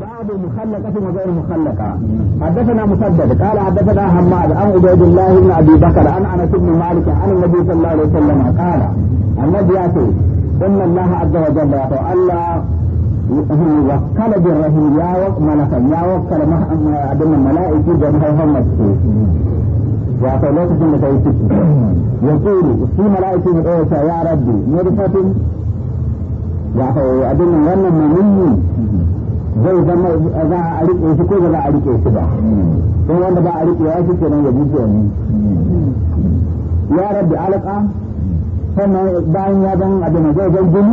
باب مخلقة وغير مخلقة حدثنا مسدد قال حدثنا حماد عن عبيد الله بن ابي بكر عن انس بن مالك عن النبي صلى الله عليه وسلم قال النبي ياتي ان الله عز وجل الله وكل بالرهيب يا ملكا يا وكل ابن الملائكه جميع هم wato lokacin da ta yi ciki ya tsiri shi mala'ikin ya ɗaya ta ya rabbi ne da fatin wato abin wannan mai zai zama za a rike shi ko ba za a rike shi ba ko wanda ba a rike ya shi kenan ya buke wani ya rabbi alaka sannan bayan ya zan abin zai zan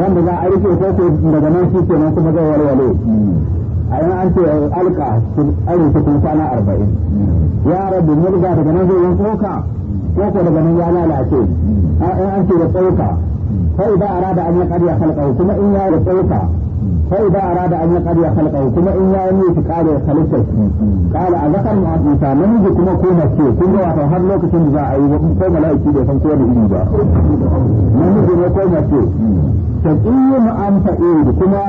wanda za a rike ko ko daga nan shi kenan kuma zai walwale a yan an ce alka aure shi kun kwana arba'in ya rabbi murga daga nan zai yin tsoka ko ko daga nan ya lalace a an ce ya tsoka sai ba a rada an karya halka kuma in ya tsoka kadi أراد أن يقضي خلقه كما إن يعني في قال خلقه قال أذكر مع موسى من يجي كما كما شيء كما واتو هر لوكacin da ayi wani yi mala'iki da san ko da ini ba من ne ko ma ce taqiyu ma an kuma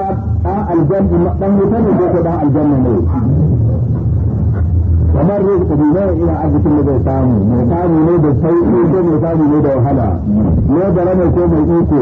a aljanna dan wuta ne ko dan aljanna ne kamar rizq bi ne ila arzikin da zai samu mai samu ne da sauki ko mai samu ne da wahala ne da rana ko mai iko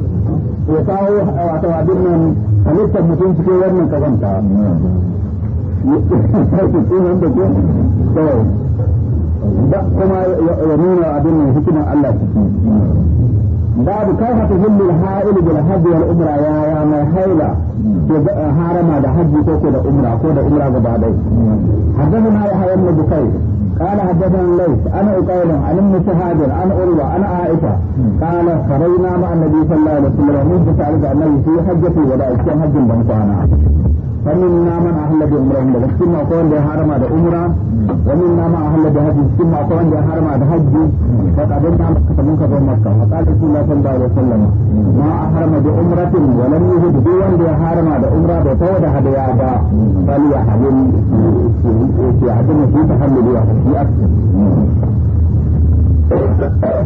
ya kawo eh, wato abin nan halittar mutum cikin wannan kazanta da kuma ya nuna abin nan hikimar Allah ciki babu kai haka hullu ha'il bil hajji wal umra ya ya mai haila ke eh, harama da hajji ko da umra ko da umra gaba dai na ya hayyana bukai قال حدثنا الليث عن عقيل عن ابن شهاب عن عروه عن عائشه قال خرجنا مع النبي صلى الله عليه وسلم من تعرف انه في حجه الوداع كان حج بن فمنا من أهل بأمره من السنة وقوان دي حرم هذا أمره ومنا من أهل بهج السنة وقوان دي حرم هذا حج فقدمنا مكة منك في مكة وقال رسول الله صلى الله عليه وسلم ما أحرم بأمرة ولم يهد بيوان دي حرم هذا أمره بطود هذا يابا فليحرم في عدم في تحمل يحرم في أكثر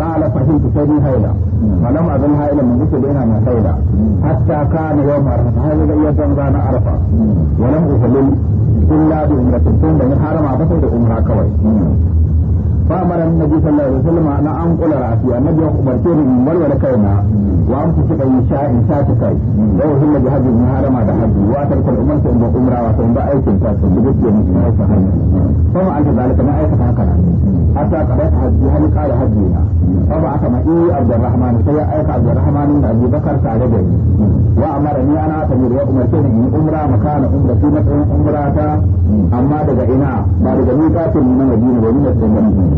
قال فهمت سيدي هيدا فلم أظن هيلا من جسد إنا من هيدا حتى كان يوم عرفة هذا يوم كان عرفة ولم أهلل إلا بأمرة ثم حرم عبطة بأمرة كوي فامر النبي صلى الله عليه وسلم أن أنقل رأسي النبي أخبرته من ولا كينا وأمسك إن يشاء إن شاء تكي لو هل بهج ابن هرم هذا حج وأترك الأمر ثم أمرا وثم بأي تنتاس بجد يوم من أي سهل فما عند ذلك ما أيك هكذا حتى قرأت حجي هل قال حجينا فبعث معي عبد الرحمن سيا أيك عبد الرحمن من أبي بكر تعجبني وأمرني أنا أتمر وأمرتني من أمرا مكان أمرتي مثلا أمراتا أما دقائنا بعد ذلك من مدينة ومن السنة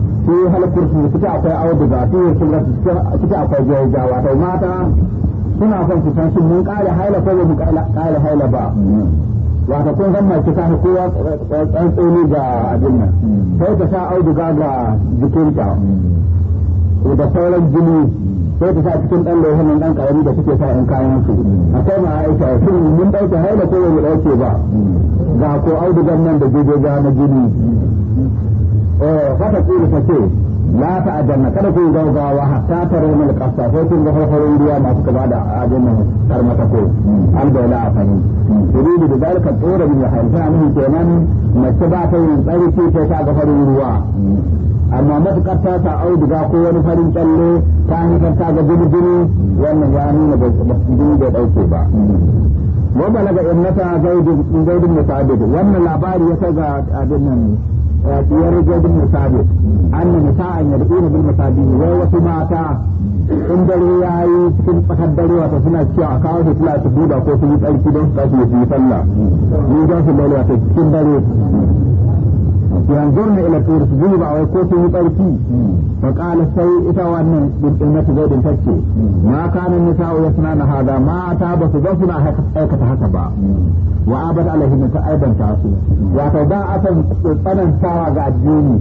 في هالكرسي كتاب أو بذاتي كتاب jawa وأو mata suna son su san shin mun kare haila ko ba mu kare haila ba wata kun zama ki ta kowa tsoni ga abin nan sai ta sa auduga ga jikinta da sauran jini sai ta sa cikin dan lauhin nan dan karami da suke sa in kayan su akwai ma aisha shin mun dauke haila ko ba mu dauke ba ga ko audugan nan da ga na jini fata eh, kulu fake la ajanna kada ku gaugawa hatta tare mun kasa ko kun ga farfarin ruwa masu kaba da ajin har mata ko an da la afani ne da dalika tsora min haifa mun kenan mace ba ta yin tsarki ce ta ga farin ruwa amma matukar ta ta auduga ko wani farin tsalle ta hankar ta ga jirgin wannan ya nuna ba su da dauke ba wa balaga innata zaidin zaidin musaddid wannan labari ya ga abin nan biyar gudun musabi anna musa'an yad'una bil musabi wai wasu mata in dare yayi cikin tsakar dare wata suna cewa a kawo su tula su duba ko su yi tsarki don su tashi su yi sallah ni don su cikin dare yanzurna ila tur su duba wai ko sun yi tsarki fa qala sai ita wannan dinnatu zaidin tace ma kana nisa'u yasnana hada mata ba su ba suna aikata haka ba wa abad alaihi ta aidan ta su wato da asan tsanantawa ga addini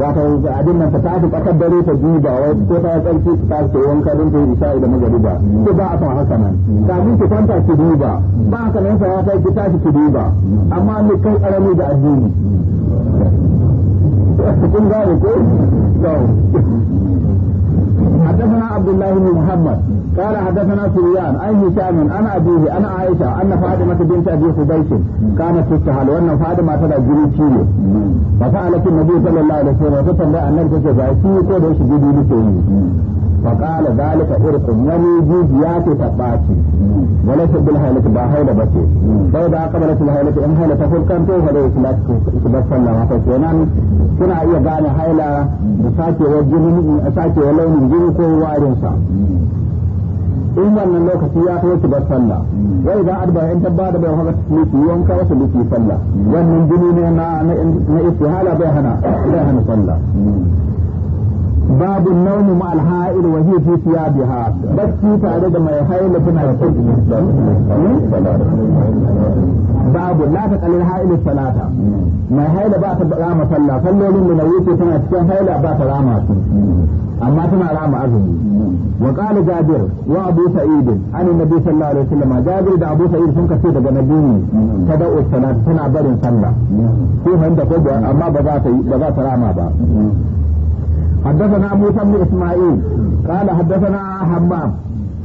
wato ga addinin nan ta tafi tsakar dare ta duba wai ko ta tsarki ta ce wanka din ta isha'i da magariba ko ba a san haka nan kafin ki kwanta ki duba ba haka nan ya kai ki tashi ki duba amma ni kai karami da addini kun gane ko حدثنا عبد الله بن محمد قال حدثنا سريان عن هشام انا ابيه انا عائشه ان فاطمه بنت ابي حبيش كانت تستحل وان فاطمه تدعى جريتي ففعلت النبي صلى الله عليه وسلم فتنبا ان صلى الله عليه وسلم ko جديد فقال ذلك إرق wani jijiya ce ta ɓaci wala ta bil hailata ba haila ba ce sai da aka balata in haila ta furkanto fa su da sallah haka kenan kuna iya gane haila da sakewar jini sakewar launin jini ko warin in wannan lokaci ya kai ki bar sallah wai da arba in tabba da bai haka miki wanka wata miki sallah wannan jini ne na na istihala bai hana bai hana sallah babu naumi ma alha'il wa hiya fi thiyabiha bacci tare da mai haila tana da babu la ta qalil mai haila ba rama sallah sallolin da nayi tana cikin haila ba ta rama su amma tana rama azumi wa qala jabir wa abu sa'id an nabi sallallahu alaihi wasallam jabir da abu sa'id sun kace daga nabi ta da'u salata tana barin sallah ko handa ko amma ba za ba za ta rama ba حدثنا موسى بن اسماعيل قال حدثنا حمام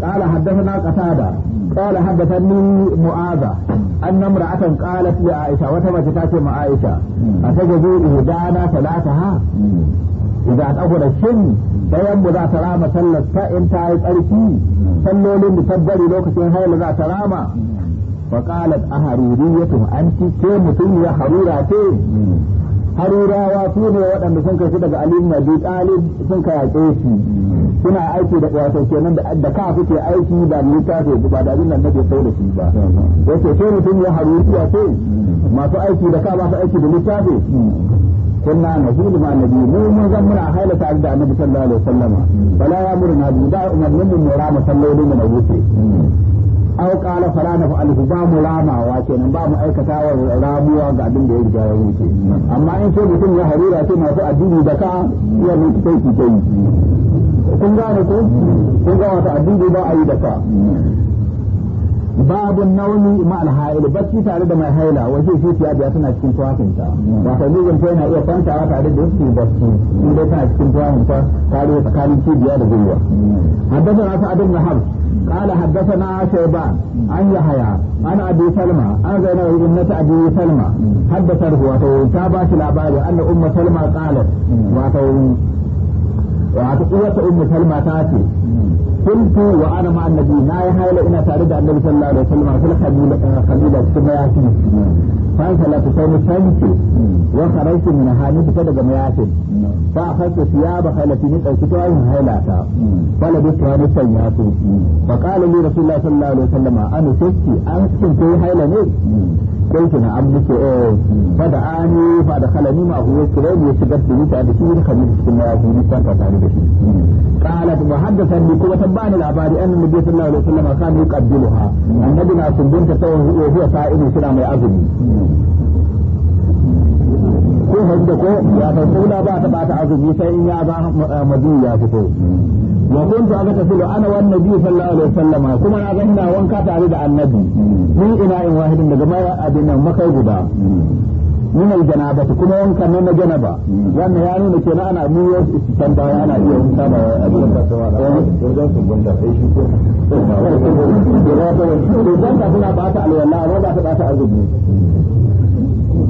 قال حدثنا قتادة قال حدثني معاذة أن امرأة قالت لعائشة وتم تاتي مع عائشة أتجدي إهدانا ثلاثها إذا أقول الشن فيم ذا سلامة صلت فإن تايت أركي صلوا لن تبري لوكة هاي ذا سلامة فقالت أهريرية أنت كم تلي حريرة harurawa su ne waɗanda sun kai shi daga alim na bi talib sun kai yaƙe suna aiki da wato nan da ka suke aiki da littafi ba da abin nan nake sau da shi ba yace sai mutum ya haruriya ce masu aiki da ka ba su aiki da littafi kunna nahulu ma nabi mu mun zan muna haila da annabi sallallahu alaihi wasallama bala ya murna bi da umarnin mu mura musallolin mu na wuce aw qala fala naf'aluhu ba mu ramawa kenan ba mu aikata wa ramuwa ga abin da ya riga ya wuce amma in ce mutum ya harira ce masu addini da ka ya mutu sai ki kai kun gane ko kun ga wata addini ba ayi da ka babu nauni ma alhaili bacci tare da mai haila waje shi fiya biya tana cikin tuwafinta wato mijin ta yana iya kwantawa tare da shi bacci in dai tana cikin ta tare tsakanin cibiya da gwiwa haddasa na sa'adun na habs قال حدثنا شيبان عن يحيى عن an سلمى salma an ابنة ابي سلمى حدثته واتو تابعت الاباري ان ام سلمى قالت واتو wato uwarta ummu salma ta ce kuntu wa ana ma annabi na yi haila ina tare da annabi sallallahu alaihi wasallam fil qabila qabila cikin mayafi فانسلت سوم الشمس وخرجت من هاني فتا daga mayafin hmm. fa akhadtu thiyaba khalati ni dauki tawayin hailata hmm. fala bi tawani sanya su hmm. fa qala li rasulullah sallallahu alaihi wasallam an an cikin kai haila ne kai na abdu fa da ani fa da khalani ma huwa kiran ya shigar da ni ta da shi kan ni cikin mayafi ni ta tare da shi qalat kuma labari annabi na kumbunta tawon eh, huwa sa'ini mai azumi ko hajji ko ya ta kula ba ta bata azumi sai in ya ba madu ya fito wa kuntu aga ta filo ana wan nabi sallallahu alaihi wasallama kuma na ga ina wanka tare da annabi ni ina yin wahidin daga mai abin nan makai guda min aljanaba kuma wanka ne na janaba wannan ya nuna kenan ana mu yau san da ana iya wanka ba abin da ta wada ko da su gunda sai shi ko ko da ta ba ta alwala ba ta ba ta azumi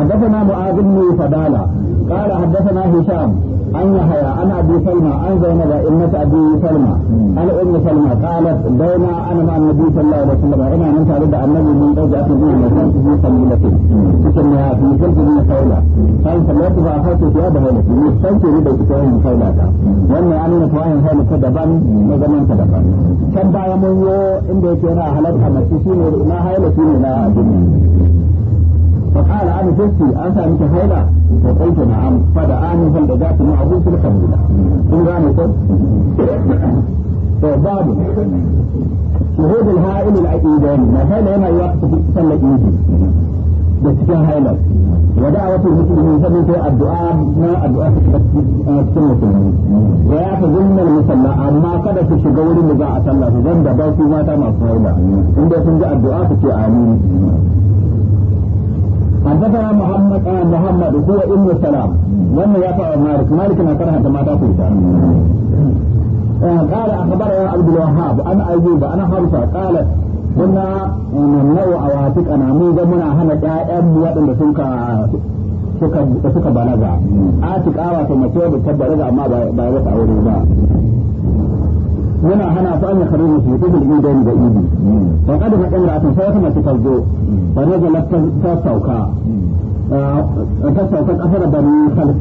حدثنا معاذ بن فدالة قال حدثنا هشام عن يحيى عن ابي سلمى عن زينب ابنة ابي سلمى عن ام سلمى قالت بين انا مع النبي صلى الله عليه وسلم انا من تعرض النبي من رجعت به مكان في سلمته تسمى في جلد من خيلة قال صليت فاخذت ثياب هيلتي واشتريت ربع كتاب خيلة وانا انا نتوائم هيلة كدبا وزمن كدبا كان بايا من يو ان بيتنا هلتها مسيسين ما هيلتين لا فقال أنا جئتي أنت أنت هيلا فقلت نعم فدعا آنفا لذات معه في القبيلة إن غانت فباب شهود الهائل العيدين ما هيلا يما يوقف في سنة إيدي da cikin hailar wa da'awatul muslimin sai ko addu'a na addu'a ta cikin musulmi wa ya fa zunna musalla amma kada ku shiga wurin da za a sallah su zan da mata masu haila inda sun ji addu'a ku ce amin حدثنا محمد آه محمد هو ابن السلام لما يقع مالك مالك ما كره ما تاكل قال اخبرنا عبد الوهاب انا ايوب انا حمزه قالت كنا نوع عواتق انا مو منا هنا ƴaƴan waɗanda sun ka suka suka balaga a atika wato mace da tabbara amma ba ba wata aure ba yana hana su an yakharu su ta bil idani da idi ba ka da kamra ratun sai kuma ta ne da rajala ta sauka ta sauka da bani khalq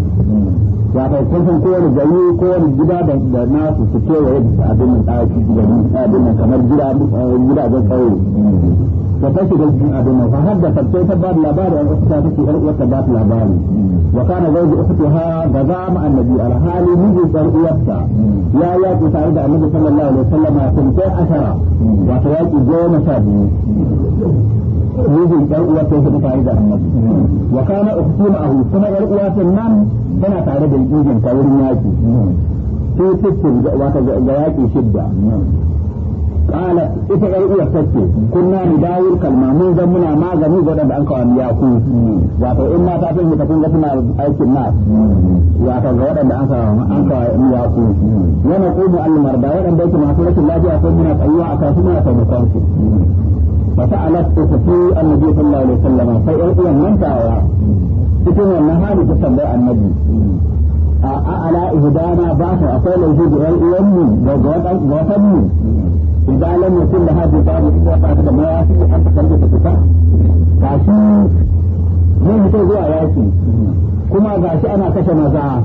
ya kai kun san kowane gari kowane gida da na nasu su kewaye da abin nan gida da abin da kamar gida eh, gida da da ta shiga da abin da fa haddasa sai ta ba da labari an wasu ta take ƴar ba ta labari وكان زوج اختها غزا مع النبي على حال نجي صار يبكى يا يا تساعد النبي صلى الله عليه وسلم كنت عشرة وتواجد جوم شابي نجي صار يبكى تساعد النبي وكان اختي معه كما قال يا سنان كان تعرض الجوجن كورياكي في ست وتجواكي شدة قال ita ‘yan uwar take kunna ni dawur kalma mun zan muna magani ga da an kawo ya ku wato in ta san ta ga suna aikin na wato ga waɗanda an kawo an kawo ya ku yana waɗanda yake masu rashin lafiya ko muna tsayuwa a kasu muna taimakon su فسألت تسفي النبي صلى الله عليه وسلم فإن من تعالى تكون النهار تسبع النبي أعلى إهدانا باسا أقول الهدى الأم وغوطني إذا لم يكن لها جدار إلا بعد ما يأتي أن تخرج الكتاب كاشي zai fito zuwa yaki kuma ga shi ana kashe maza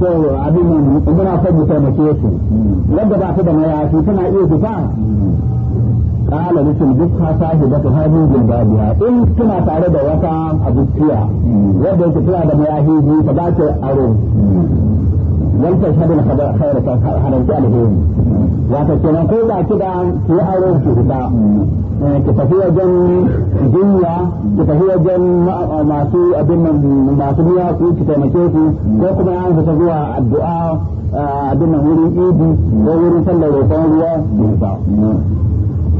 to abin nan muna son mu taimake su wanda ba su da mayafi tana iya fita kala nufin duk ka sahi da hannun jimbabiya in tana tare da wata abuciya wadda yake tana da mayafi biyu ta ba ta aro wal tashhadu al khayr fa haram ta alheri wato kenan ko da kida ki ki fita ki tafi wajen jinya ki tafi wajen masu abin masu biya ku ki taimake ku ko kuma an fita zuwa addu'a abin nan wurin idi ko wurin sallar roƙon ruwa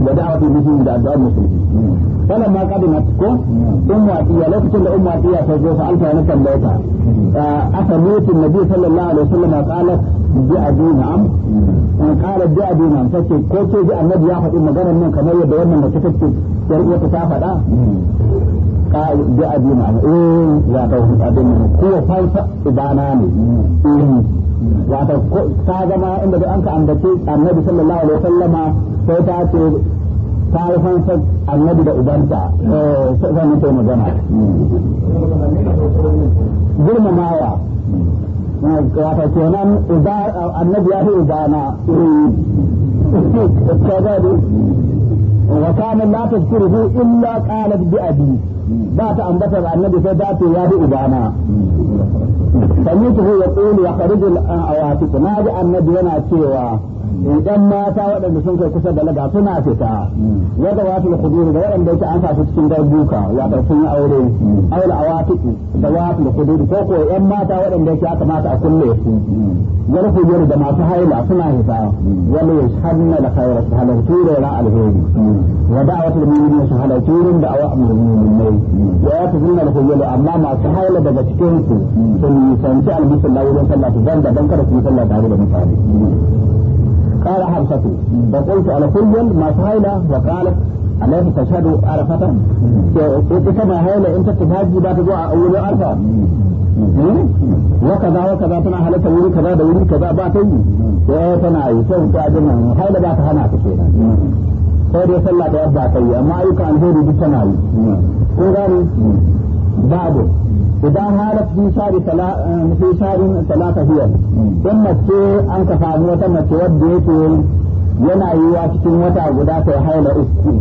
da da addu'ar musulmi falan ma kadina ko ummatiya lokacin da ummatiya ta zo sa anta na tambaye ta aka mutu nabi sallallahu alaihi wasallam kala bi adina am an bi adina sai ko ce ji annabi ya faɗi maganar nan kamar yadda wannan mace take yar uwarta ta faɗa ka bi adina am eh ya ta adina ko fansa ibana ne eh, wato ta zama inda da an ka ambace annabi sallallahu alaihi wasallama sai ta ce ta yi fansa annabi da ubanta sai zan mace magana girma maya wata kenan annabi ya fi ubana kagadi wa kana la tazkuruhu illa qalat bi abi ba ta ambata annabi sai da to ya bi ubana sami tuhu yaqulu ya kharij al ayati naji annabi yana cewa idan mata waɗanda sun kai kusa laga suna fita wanda wasu kudur da waɗanda yake an su cikin darbuka wato aure aure a watiki da wasu ko ko yan mata waɗanda yake aka mata a kulle su yar kudur da masu haila suna fita wani ya shanna da khairar su halartu da ran alheri wa da mu'minin su halartu rin da awa mu'minai wa ya da kudur amma masu haila daga cikin su sun yi sanci almusulla wurin sallah su zanda don kada su yi sallah tare da mutane قال حفصة فقلت على كل ما فعل وقالت أليس تشهد عرفة؟ كما هيلة أنت تفاجئ ذات جوع أول عرفة وكذا وكذا تنا هلتا وري كذا da wuri kaza ba ta yi sai tana yi sai ta ji haila ba ta hana ta kenan sai dai sallah da ba ta yi amma ayyuka alheri tana yi kun gane babu idan halar fi shari fi sharin talata hiyar dan mace an ka fami wata mace wadda yake yana yi wa cikin wata guda sai haila uku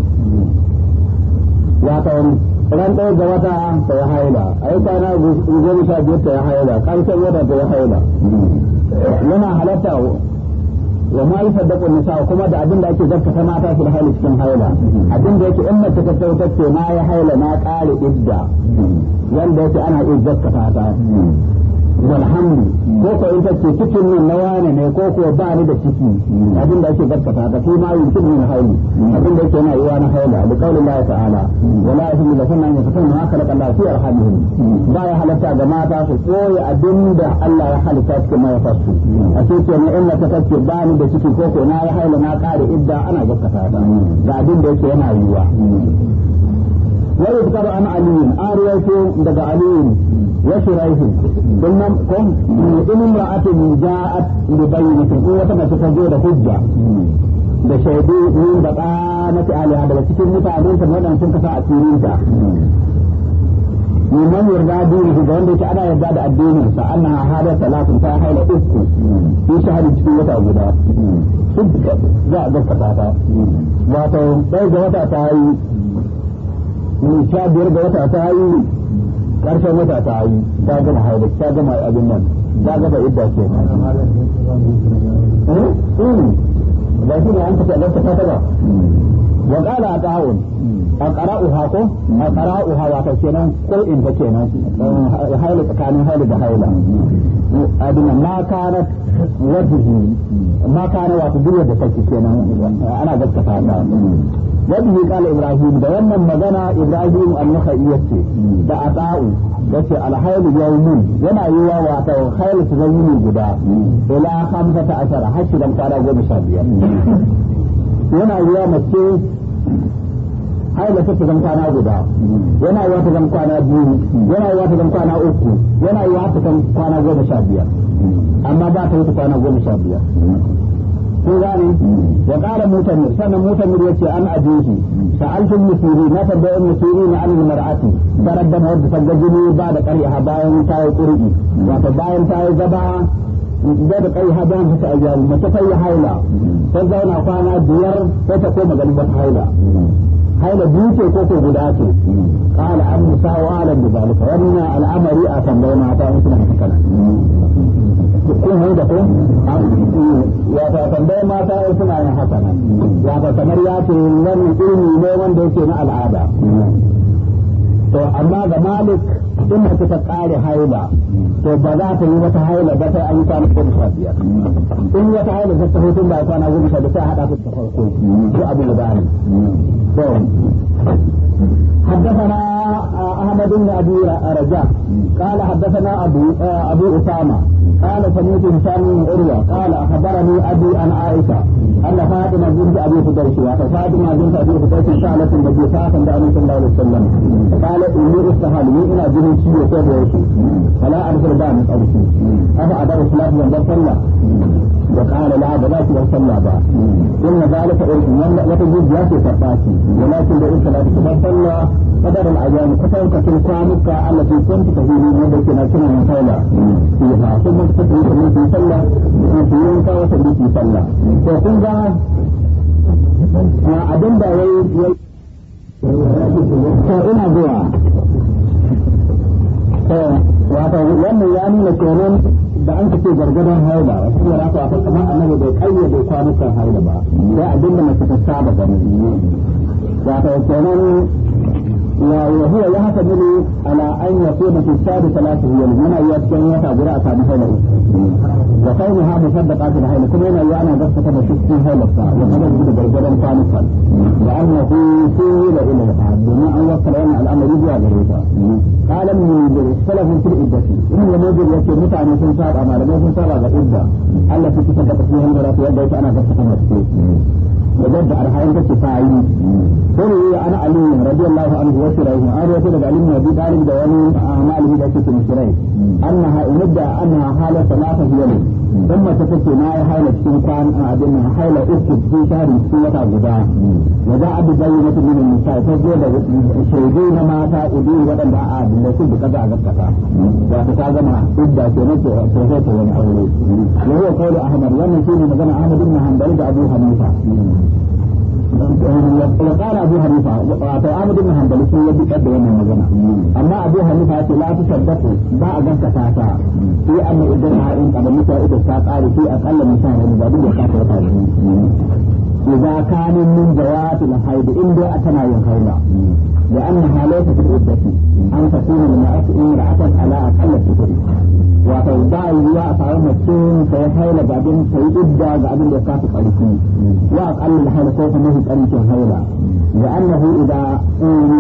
ya ta wani ran ɗaya ga wata sai haila a ai kana goma sha biyar sai haila ƙarshen wata sai haila yana halatta wa ma da nisa kuma da abin da ake zakkata mata su da haila cikin haila abin da yake in mace ta sauka ce na ya haila na kare idda wanda yake ana iya zakkata ta walhamdu ko ko in ce cikin nan na wane ne ko ko ba ni da ciki abin da ake gaskata cikin na hauli abin da yake yana yiwa na haula da kaulin Allah ta'ala wala yahmi la sunna Allah fi arhamihim ba ya halatta ga mata su koyi abin da Allah ya halitta cikin mai fasu a ce ce ta ba ni da ciki ko ko na na kare idda ana gaskata da abin da yake yana yiwa wa yuzkaru an aliyin an daga aliyin وشريه ثم قم إن امرأة جاءت ببينة إن وتبت تزور حجة da hujja. Da shaidu min da ƙanati aliya daga cikin mutanen ta waɗanda sun kasa a cikin ta liman yarda dini ga wanda yake ana yarda da addinin sa ana hada salatun ta haila uku in shahadi cikin wata guda sidda za a gaskata ta wato ɗaya ga wata ta yi sha biyar ga wata ta yi karshen wata ta yi ta gama haida ta gama abin nan ta gama idda eh? ne ba shi ne an ta a ta ta ba wa qala ta'awun aqra'uha ko aqra'uha wa ta kenan ko in ta kenan haila tsakanin haila da haila adina ma kana wajibi ma kana wa ta da take kenan ana gaskata ta وبه قال da ده يمن مغنى إبراهيم النخعي يسي ده da يسي الحيل يومين ينا يوا واتو خيل تزيين ta إلى خمسة عشر حشي دم قال أبو بشابية ينا يوا مكي haila ta zan kwana guda yana a ta zan kwana biyu yana yiwa ta zan kwana uku yana yiwa ta zan kwana goma sha biyar amma ba ta wuce kwana goma sha biyar ko gane wa qala mutamir sannan mutamir yace an ajehi sa'altu musiri na tambaye musiri na an mar'ati darabba na wadda jini ba da qari'a bayan ta yi qur'i wato bayan ta yi gaba da da kai ha bayan ta ajali mace ta yi haila ta zauna kwana biyar sai ta koma ganin ba haila haila biyu ko ko guda ce qala an musa wa ala bi wannan al'amari a tambayi mata in suna kana kun hayi da kun ya ta tambayi mata in suna yin haka nan ya ta kamar ya ce wannan ilmi ne wanda yake na al'ada to amma ga malik in mace ta ƙare haila to ba za ta yi wata haila ba sai an yi kwana goma sha biyar in wata haila ta taho tun da kwana goma sha biyar sai haɗa ta da farko ko abu da bani to حدثنا آه، أحمد بن أبي رجاء قال حدثنا أبو آه، أبو أسامة قال سمعت هشام بن عروة قال أخبرني أبي عن عائشة أن فاطمة بنت أبي فديش فاطمة بنت أبي فديش سألت النبي صلى الله عليه وسلم قالت إني أستهل من أجل ko ciwo ko da yake fala arsal ba na tsarki afa adaba salatu wanda sallah da qala la ba za ki bar sallah ba inna zalika irkin wannan wata jijiya ce tabbati walakin da in salatu ba sallah قدر الأيام كتر كتر كامك التي كنت تهيني مدك da من صلى فيها ثم تتبعي تبعي صلى في يومك وتبعي صلى فكن ذا أدن ذا وي فإن أدوى Eh, wato wannan ya nuna kenan da an kace gargadan haila wasu ne rafa ta kamar annabi bai kayyade kwanukan haila ba sai abinda mace ta saba gani wato kenan وهو يعتمد على أن يصيب في الشهر ثلاثة أيام هنا يتكلم وتعبر أصحاب هيلة وكونها مصدقة الهيلة كل هنا يعنى قصة بشكل هيلة وقد يجب بالجبل خالصا لأنه سيل إلى العبد بما أن يصل إلى الأمر يجي قال من المنذر اختلف في العدة إن المنذر يكتب متى أن يكون صار أمال ما يكون صار العدة التي تصدقت فيها المرأة يدعي أنا قصة مسكين وجد على حياته كفاعي انا علي رضي الله عنه وشريه ان رسول علي بن ابي طالب دواني مع مالك ذاك في مشريه انها ان انها حاله ثلاثه يوم dan mace take na ya haila cikin kwan a abin nan haila uku cikin shari cikin wata guda ya za a bi bayyana ta nisa ta zo da shaidu na mata udu waɗanda a abin da su za a gaskata wato ta gama idda ke nake a zai ta wani aure ya wa kawai ahmad wannan ne magana ahmad na hanbali da abu hanifa وقال أبو حنيفة وعامد بن حنبل في يدي قد وين المجنة أما أبو حنيفة لا تصدقوا ما أجنت ساعة في أن إدنها إن قد متى إذا ساقاري في أقل من ساعة من ذلك يقاف وطاري إذا كان من جوات الحيض إن دي أتنا ينخيلا لأنها ليست العدة أن تكون المرأة إن رأت على أقل الفتر wato ba yiwuwa a samu mace ta yi haila ga abin ta yi idda ga abin da ya kafa ƙarfi wa a ƙallin haila ko kuma shi ƙarfin haila da annahu idza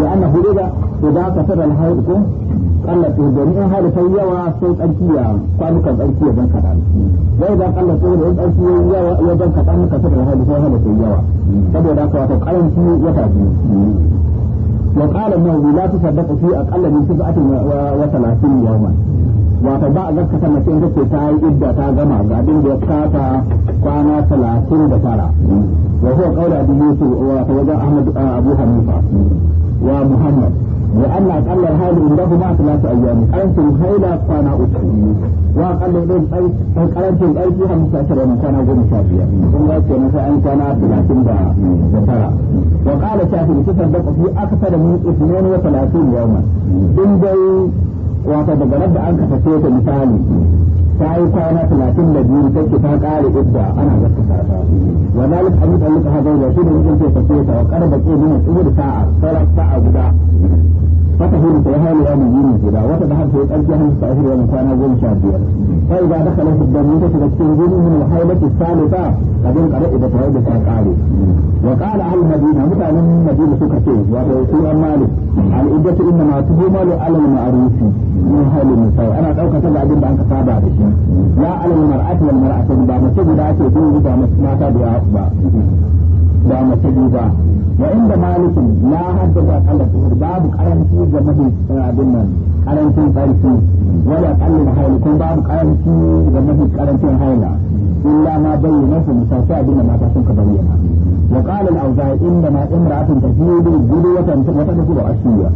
da annahu idza idza kasara al-haid ko ƙalla to domin haila ta yawa sai ƙarfi kwanukan ƙarfi dan kaɗan da ƙalla to da ƙarfi yawa ya zan kaɗan kasara al-haid ko haila sai yawa saboda haka wato ƙaranci ya tafi وقال انه لا تصدق في اقل من سبعه وثلاثين يوما wata ba a zaka sama cikin kake ta yi idda ta gama ga din da ya ta kwana talatin da tara wa huwa qawla bi yusuf wa ta waja ahmad abu hanifa wa muhammad wa anna qalla hadhihi indahu ma ta lati ayyam an tun haila kwana uku wa qalla din ɗan sai karantin aiki 15 ne kana goma sha biyar kun ga ke sai an kana 30 da da tara wa qala shafi kitab da fi akthar min 32 yawman din dai wato daga nan da an ka ta misali ta yi kwana talatin da biyu ta ke ta ƙare idda ana gaskata ta wa zalik an yi tsalluka hazar da shi da mutum ke sace ta wa da ke nuna tsibir sa'a sa'a guda wata hudu ta yi hali ya mai yini guda wata da harshe ƙarfi hannu ta ahiri wani kwana goma sha biyar sai ga da kalan fidda mun tafi da cikin gudu mun da hailaki salisa abin ƙare da ta da ta ƙare wa ƙara al madina mutanen madina suka ce wato su an mali al iddatu inna ma tuhu malu alal ma'rufi min halin misal ana ɗaukata da abin da an ka saba da shi la alal mar'ati wal mar'atu ba mace guda ce ko guda mata da ba ba mace guda وعند مالك لا حد وقال باب قرنتي جمد أبنا قرنتي قرنتي ولا قل الحيل باب قرنتي جمد قرنتي الحيل إلا ما بينه مساسا بين ما تحسنك بينا وقال الأوزاعي إنما امرأة تفيد الجلوة وتدخل عشية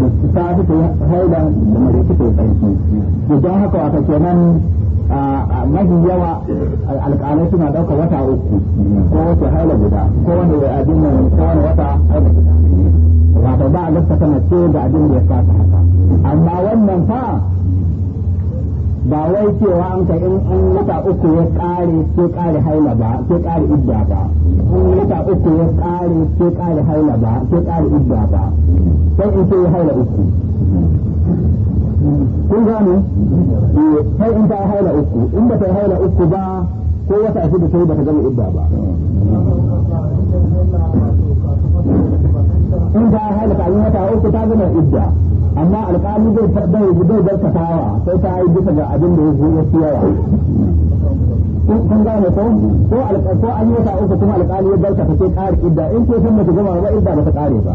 بس ثابت هيلا لما رأيك في قرنتي وجاهك وعطاك mafi yawa alƙalai suna dauka wata uku ko wata haila guda ko wani wai abin nan ko wani wata haila guda wato ba a gaskata mace da abin da ya fata haka amma wannan fa ba wai cewa an ka in an wata uku ya ƙare ko ƙare haila ba ko ƙare idda ba in wata uku ya ƙare ko ƙare haila ba ko ƙare idda ba sai in ce haila uku kun gane sai eh, in ta haila uku in ba ta haila uku ba ko wata a da sai ba ta gama idda ba in ta haila ta wata uku ta gama idda amma alƙali zai tabbai zai zartatawa sai ta yi bisa ga abin da ya fi yawa kun gane ko ko alƙali an yi wata uku kuma alƙali ya ta sai ƙari idda in ko sun mace gama ba idda ba ta ƙare ba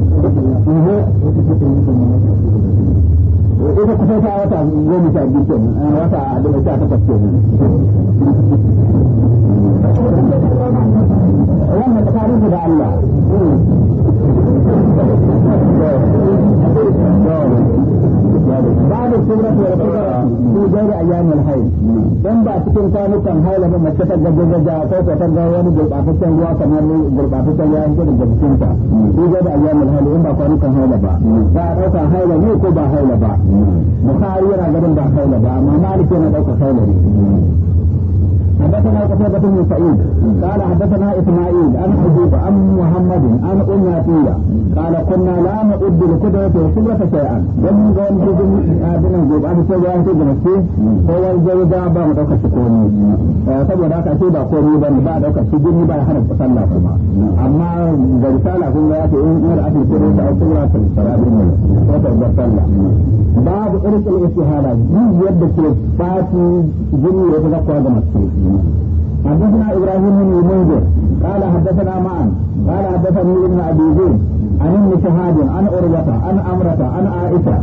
ita kusa ta wata goma sha biyu kenan wata a sha takwas wannan da Allah بعد الصورة والصورة في a أيام الحيض إن بعد cikin kwanukan haila ba mace ta ga gaga ko ta ta ga wani gurbataccen ruwa kamar gurbataccen ruwa yake da jikin ta shi ga a ayyamul haila don ba kwanukan haila ba ba a dauka haila ne ko ba haila ba bukhari yana ganin ba haila ba amma maliki yana dauka haila ne حدثنا قتيبة بن سعيد قال حدثنا إسماعيل عن حبيب عن محمد عن أم عطية قال كنا لا نؤد لكبرة الكبرة شيئا ومن قوم جبن آدنا جوب أن سجاه تجن فيه هو الجودة بعد أوكا سكوني سبو ذاك أشيبا قومي بن بعد أوكا سجوني بعد حرف صلى كما أما برسالة هو يأتي إن مرأة الكبرة أو كبرة الصلاة بالمرة باب إرث الاستهادة يبدو كيف فاتي جنيه وتذكر هذا حدثنا ابراهيم بن منذر قال حدثنا معا قال حدثني ابن ابي زيد عن ابن شهاد عن عروه عن امره عن عائشه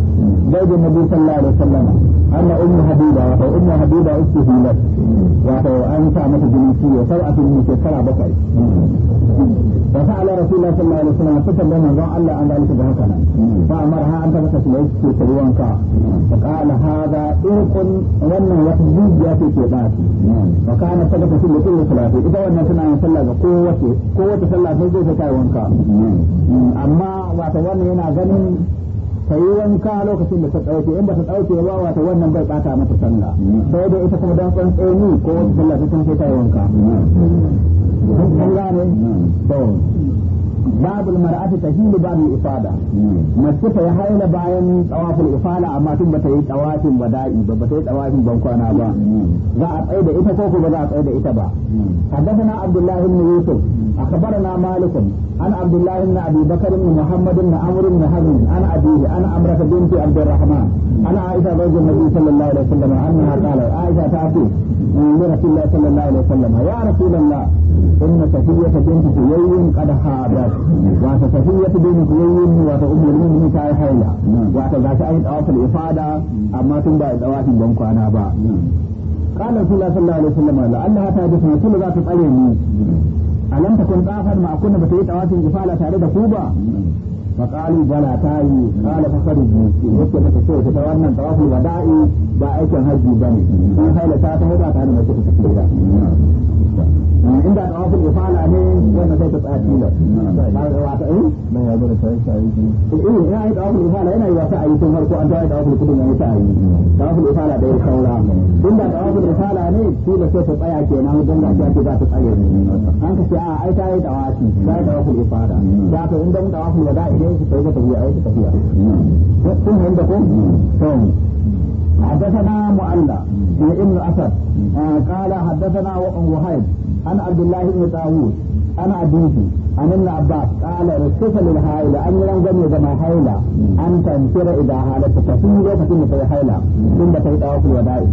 زوج النبي صلى الله عليه وسلم أن أم حبيبة وهو أم حبيبة استهلت وهو أن سعمة جنسية سوعة جنسية سبع بطعي ففعل رسول الله صلى الله عليه وسلم كتب لنا ضاع الله أن ذلك بهكنا فأمرها أن تبقى في سريوان كا فقال هذا إرق ومن يحجيج في كيباتي وكان تبقى في كل صلاة إذا وانا سنة يصلى بقوة قوة صلى في كيباتي وانكا أما وأتوانا هنا ظنين ta yi wanka lokacin da ta ɗauke in ta ɗauke ba wata wannan bai ɓata mata sallah sai da ita kuma don tsan tsoni ko sallah ta sai ta yi wanka kun gane babu mar'ati tahilu babu ifada mace ta haila bayan tsawafin ifada amma tun ba ta yi tawafin wada'i ba ba ta yi tawafin bankwana ba za a tsaye da ita ko ko ba za a tsaye da ita ba na abdullahi ibn yusuf na malikun عن عبد الله بن ابي بكر بن محمد بن عمرو بن حزم عن ابيه عن امره بنت عبد الرحمن عن عائشه زوج النبي صلى الله عليه وسلم انها قال عائشه تاتي رسول الله صلى الله عليه وسلم يا رسول الله ان صفيه بنت حيي قد حاضت وات صفيه بنت حيي وات ام المؤمنين تاي حيلا وات ذات اي طواف الافاده اما تنبا دواف بنكوانا با قال رسول الله صلى الله عليه وسلم لعلها تحدث كل ذات تسالني a takun tsafar ma kunna bata yi tawafin ifala tare da ku ba fa bala tayi qala fa khariju yake da kace ta wannan tawafi wada'i ba aikin haji bane ne ta ta hoda ta ne mace ta tafi inda da wasu gufala ne wanda zai ta tsaya tilas hmm. ba da wata eh mai ya gura sai sai eh ya yi da wasu gufala yana yi wata ayi tun farko an tawaye da wasu kudin yayi ta ayi da hmm. wasu gufala da ya kaura hmm. inda da wasu gufala ne tilas sai ta tsaya kenan don ga ta ce za ta tsaya ne. an ka ce a ai ta yi da wasu ta yi da wasu gufala da to inda mun da wasu wada idan su sai ta tafiya ai ta tafiya kun handa ko to حدثنا معلى ابن اسد قال حدثنا وهيب عن عبد الله بن طاووس انا ابيه عن ابن عباس قال رسف للهائلة أن ينقم جميع جمع حيلة أن تنفر إذا هالت لو تكون في حيلة ثم تهدأ في الودائف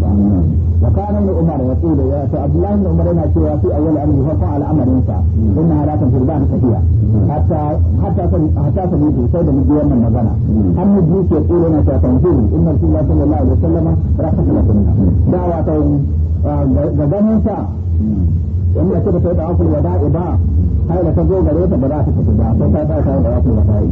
وكان ابن عمر يقول يا عبد الله ابن عمر هنا في أول أمره فقع الأمر إنسا إنها لا تنفر بعد كثيرة حتى حتى حتى تبيت سيد من ديوان من مغنى هم يجيك يقول لنا تنفر إن رسول الله صلى الله عليه وسلم رحمة لكم دعوة إنسا in mace da ta yi tawafin wada'i ba har da ta zo gare ta ba za ta tafi ba sai ta tsaya da tawafin wada'i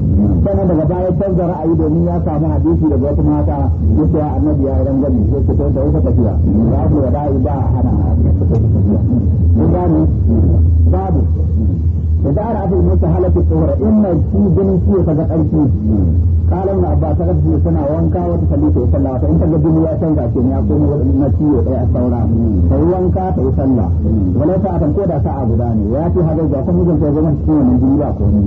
sannan daga baya canza ra'ayi domin ya samu hadisi daga wata mata yace ya annabi ya ran gani sai ta tafi ta tafiya tawafin wada'i ba hana ta tafi tafiya mun gane babu idan ra'ayi halaka tsohara in mai shi gani shi ka ga ƙarfi Kalam Abba Salatu Juna sana wanka wata talatu ta isallata ina da ta ga jami'a ta yi a ko na ciye a saurari ta yi wanka ta isalla wala ta'a da koda a gudani da ya fi haɗari da aka mugan ta ya gudani ta yi wa nan jami'a ta kone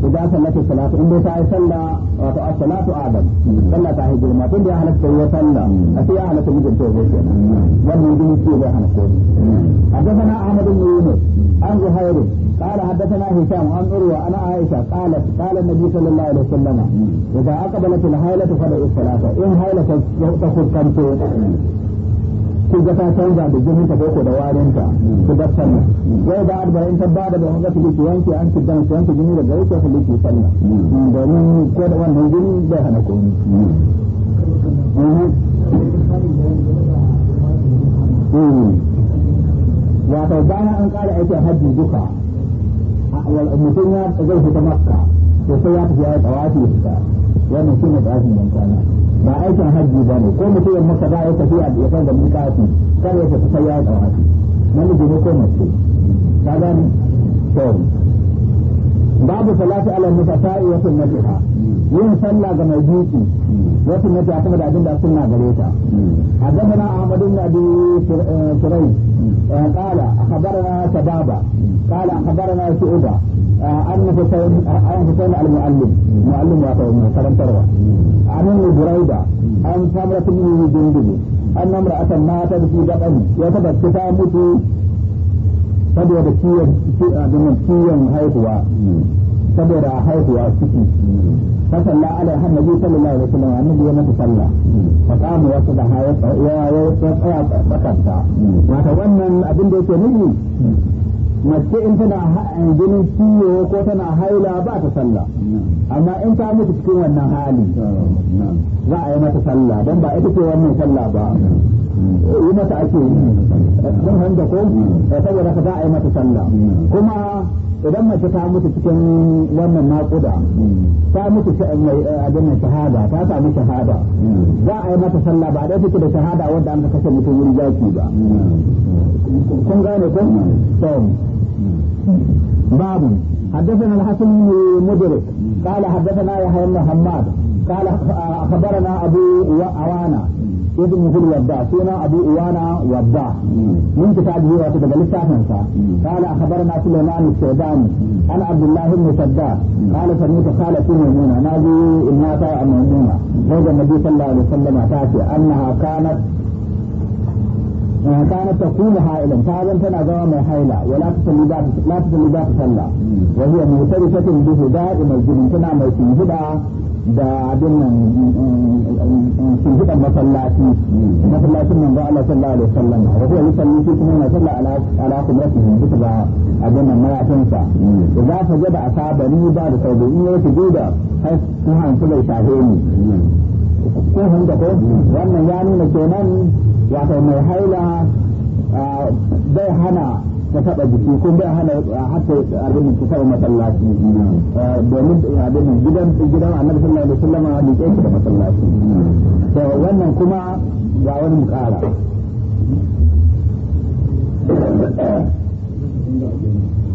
ta da ta salatu idan ta yi salla da ta salatu adal ta ta yi girma ta yi halarta ta yi salla da ta yi halarta mugan ta ya bote wani ya gama ta yi bai hana kone. Haddatana Ahmadu Nuri ne an zama haihuwar ƙala haddatana Hisham a aminu da ana Aisha ƙala na biyu ta lallawa da sallama. إذا أقبلت الحيلة فدعوا الصلاة إن حيلة تخد kuga ta canza da بالجنة ta ko انت warin ta ku da sanna wai da arba'in ta أنت da ba ga ku ki wanke an ki dan wanke jini da ko da da wato bayan an kara aikin hajji duka mutum ya zai fita makka to sai ya tafi ya yi wannan shi ne da aikin bankwana ba aikin hajji ba ne ko mutum ya maka ba ya tafi a ya da mun kafi kan ya tafi sai ya yi tsawafi namiji ne ko mace ta gani to babu salatu ala mutafa'i wa sunnatiha yin sallah ga mai duki wa sunnati kuma da abin da sunna gare ta hadana ahmad ibn abi shirai eh, eh, qala akhbarana sababa qala akhbarana shu'ba an husayn an husayn al-muallim muallim wa tawmi karantarwa an ibn burayda an samrat ibn jundub an imra'atan matat fi dabani ya tabbata ta mutu saboda ciwon abin ciwon haihuwa saboda haihuwa ciki fasan la ala hannabi sallallahu alaihi wasallam annabi ya mata sallah fa kama wasu da haya ya ya tsaya tsakanta mata wannan abin da yake nufi mace in tana jinin ciwo ko tana haila ba ta sallah amma in ta mutu cikin wannan hali za a yi mata sallah don ba ita ce wannan sallah ba yi mata ake yi kun hanga ko saboda ka za a yi mata sallah kuma idan mace ta mutu cikin wannan naƙuda ta mutu eh, a nan shahada ta samu shahada za a yi mata sallah ba dai take da shahada wanda an kashe mutum wuri zaki ba kun gane ko to babu حدثنا الحسن بن مدرك قال حدثنا يحيى بن حماد قال اخبرنا ابو عوانه ibn hul wadda suna abu uwana wadda mun ta tabi wa daga littafin sa kala akhbarna sulaiman al-shaybani an ana abdullahi sadda kala sami ta kala kuma nuna naji inna ta amuna daga nabi sallallahu alaihi wasallam ta ce annaha kanat إن كانت تكون حائلا فهذا كان عظام حائلا ولا تصلي ذات لا تصلي ذات صلى وهي مغترسة بهداء مسجد كما ما يكون هدى da abin nan sun ɗan masallaci masallacin nan ba Allah sallallahu alaihi wasallam wa huwa yusalli fi kuma na salla ala ala kubratihi bisa ga abin nan mayatinsa da za ka gaba asaba ni ba da sauƙi in ya fito da har sun hantu bai shafe ni ko hun da ko wannan ya nuna kenan wato mai haila ah, bai hana ta taba jiki ko bai hana hatta abin da ta taba masallaci mm. eh, domin eh, abin da gidan gidan annabi sallallahu alaihi wasallam a duke shi da masallaci mm. to wannan kuma ga wani mukara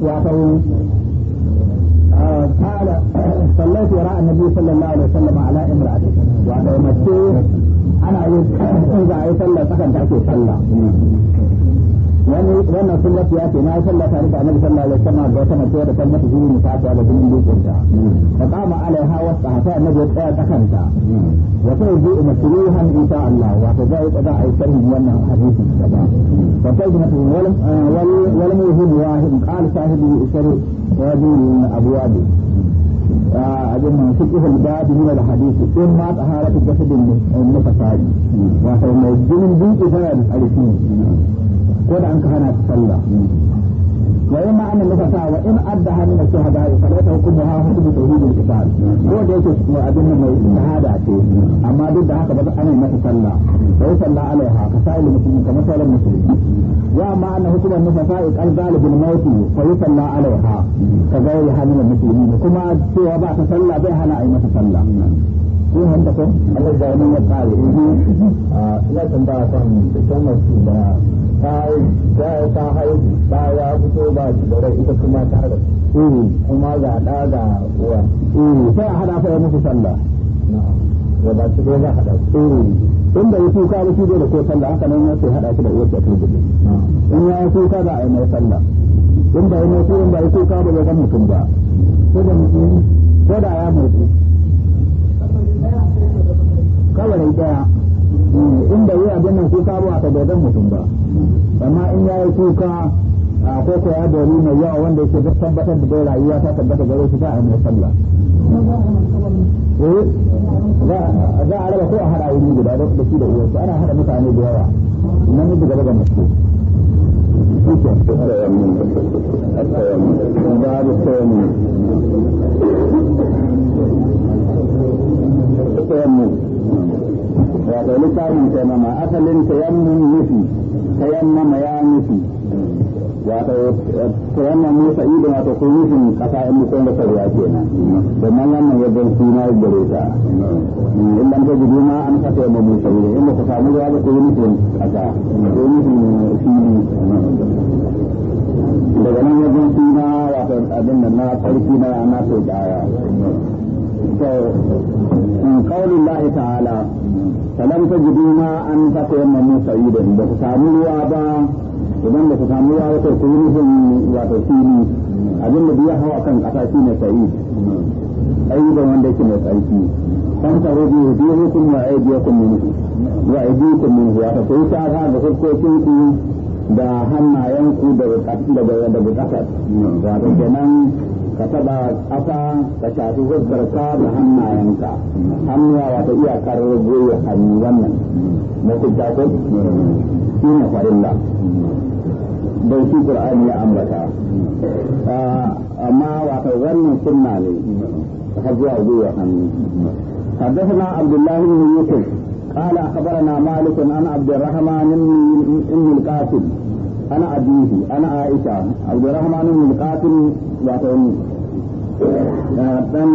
wato قال صليت وراء النبي صلى الله عليه وسلم على امرأته صلى صلى wani wannan sun lafiya ce na sallah tare da annabi sallallahu alaihi wasallam da wata mace da kan mata jini ne ta da jinin dukinta hmm. fa qama alaiha wa sahata annabi ya tsaya tsakanta hmm. wa ta yi masruhan insha Allah wa ta zai tsada ai sharhin wannan hadisi gaba fa ta yi mata wal wal muhim wahid qala sahibi isar wa bi abwabi hmm. abin ah, nan su ƙihul babu min da hadisi in ma taharatu jasadin mutafari wa fa mai jinin dukin da alifin? ko da an ka hana sallah wa yamma an nuka wa in adda hamina shuhada fa la tahkumu ha ko da yake mu abin mai shahada ce amma duk da haka ba an yi masa sallah sai alaiha ka sai musulmi kamar amma an hukuma mauti fa alaiha ka ga ya kuma cewa ba ta sallah bai hana a yi sallah ko ko Allah ya yi masa ina tambaya kan da kamar da ta ta haihu ba ya fito ba shi da rai ita kuma ta da kuma ga da ga uwa sai a hada fa ya musu sallah ya ba shi dai za hada in da ya tuka ba da ko sallah haka nan ya ce hada shi da uwar ta turbi in ya tuka ba a yi mai sallah in da ya mutu in da ya tuka ba ga mutum ba ko da mutum ko da ya mutu kawai daya inda yi abin nan kuka ba ta dodon mutum ba amma in ya yi kuka ko ko ya dori mai yawa wanda yake zai tabbatar da rayuwa ta tabbata gare shi ta a mai sallah eh, za a raba ko a hada wuri guda da shi da uwarsa ana haɗa mutane da yawa namiji gaba da mace بعد التيمم التيمم wato littafin taimama asalin tayammun nufi tayammama ya nufi wato tayammamu da wato ko nufin kasa in mutum da sarwa kenan domin wannan ya zan suna gare ta in ban ta gudu ma an ka musa sa'idin in ba ka samu ruwa da ko nufin kasa ko nufin shi daga nan ya zan suna wato abin da na farki na na sai قول الله تعالى فلم تجدوا ما أن تتيمموا سعيدا بتساموا وابا idan ba ku samu ruwa wata ku yi rufin wato fili abin da biya hawa kan ƙasa shi ne sa'i ayyukan wanda yake mai tsarki kan tsaro biyu biyu kun wa aibiyakun minhu wa aibiyakun minhu wato ku da da hannayenku daga ka taba ƙasa ka shafi hujjarka da hannayenka hannuwa wata iyakar goyi hannu wannan makunta ko shi ne farilla bai shi ƙur'ani ya ambata ah, amma wata wannan sunna ne har zuwa goyi hannu حدثنا عبد الله بن يوسف قال اخبرنا مالك عن عبد الرحمن بن القاسم ana abihi ana aisha abdurrahman bin qasim wato dan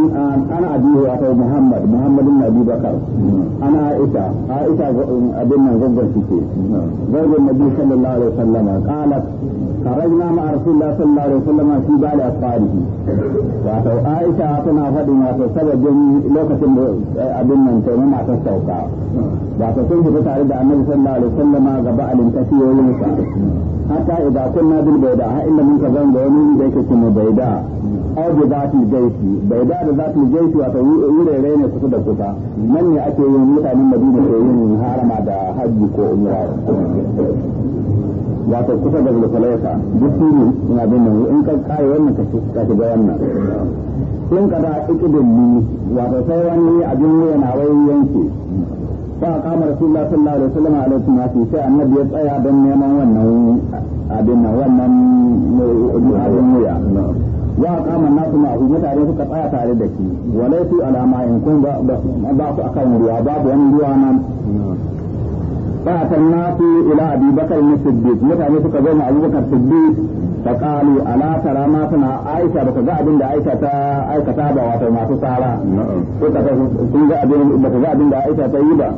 ana abihi wato muhammad muhammad bin abi bakar ana aisha aisha abin nan gaggar suke gaggar nabi sallallahu alaihi wasallam qalat خرجنا مع رسول الله صلى الله عليه وسلم في بعض أطفاله واتو آئشة أتنا فضي ما سبب جميع لوكة أبن من تيمم عطا السوقع واتو كنت تتعرض عن النبي صلى الله عليه وسلم غباء الانتسي وينسى حتى إذا كنا بالبيداء إلا من كذن بيومين جيش كم بيداء أو بذات الجيش بيداء بذات الجيش واتو يرى رين كتب كتا من يأتي يوميتا من مدينة يومين هارم على حج كو wato kusa da glucolosa duk turi ina bin nan in ka kare wannan ka ka shiga wannan in ka da ikidin ni ta sai wani abin wuya na wai yanke fa kama rasulullahi sallallahu alaihi wasallam alaihi ma fi sai annabi ya tsaya don neman wannan abin nan wannan abin wuya wa kama kuma ma hu mutane suka tsaya tare da shi walaitu alama in kun ba ba ku akan ruwa babu wani ruwa nan فأتى الناس إلى أبي بكر الصديق متى suka zo ma بكر Siddiq فقالوا ألا ترى ما سمع عائشة بك ذا أبن دا عائشة تا عائشة تابا واتو ما تسارا نعم بك ذا أبن دا عائشة تايبا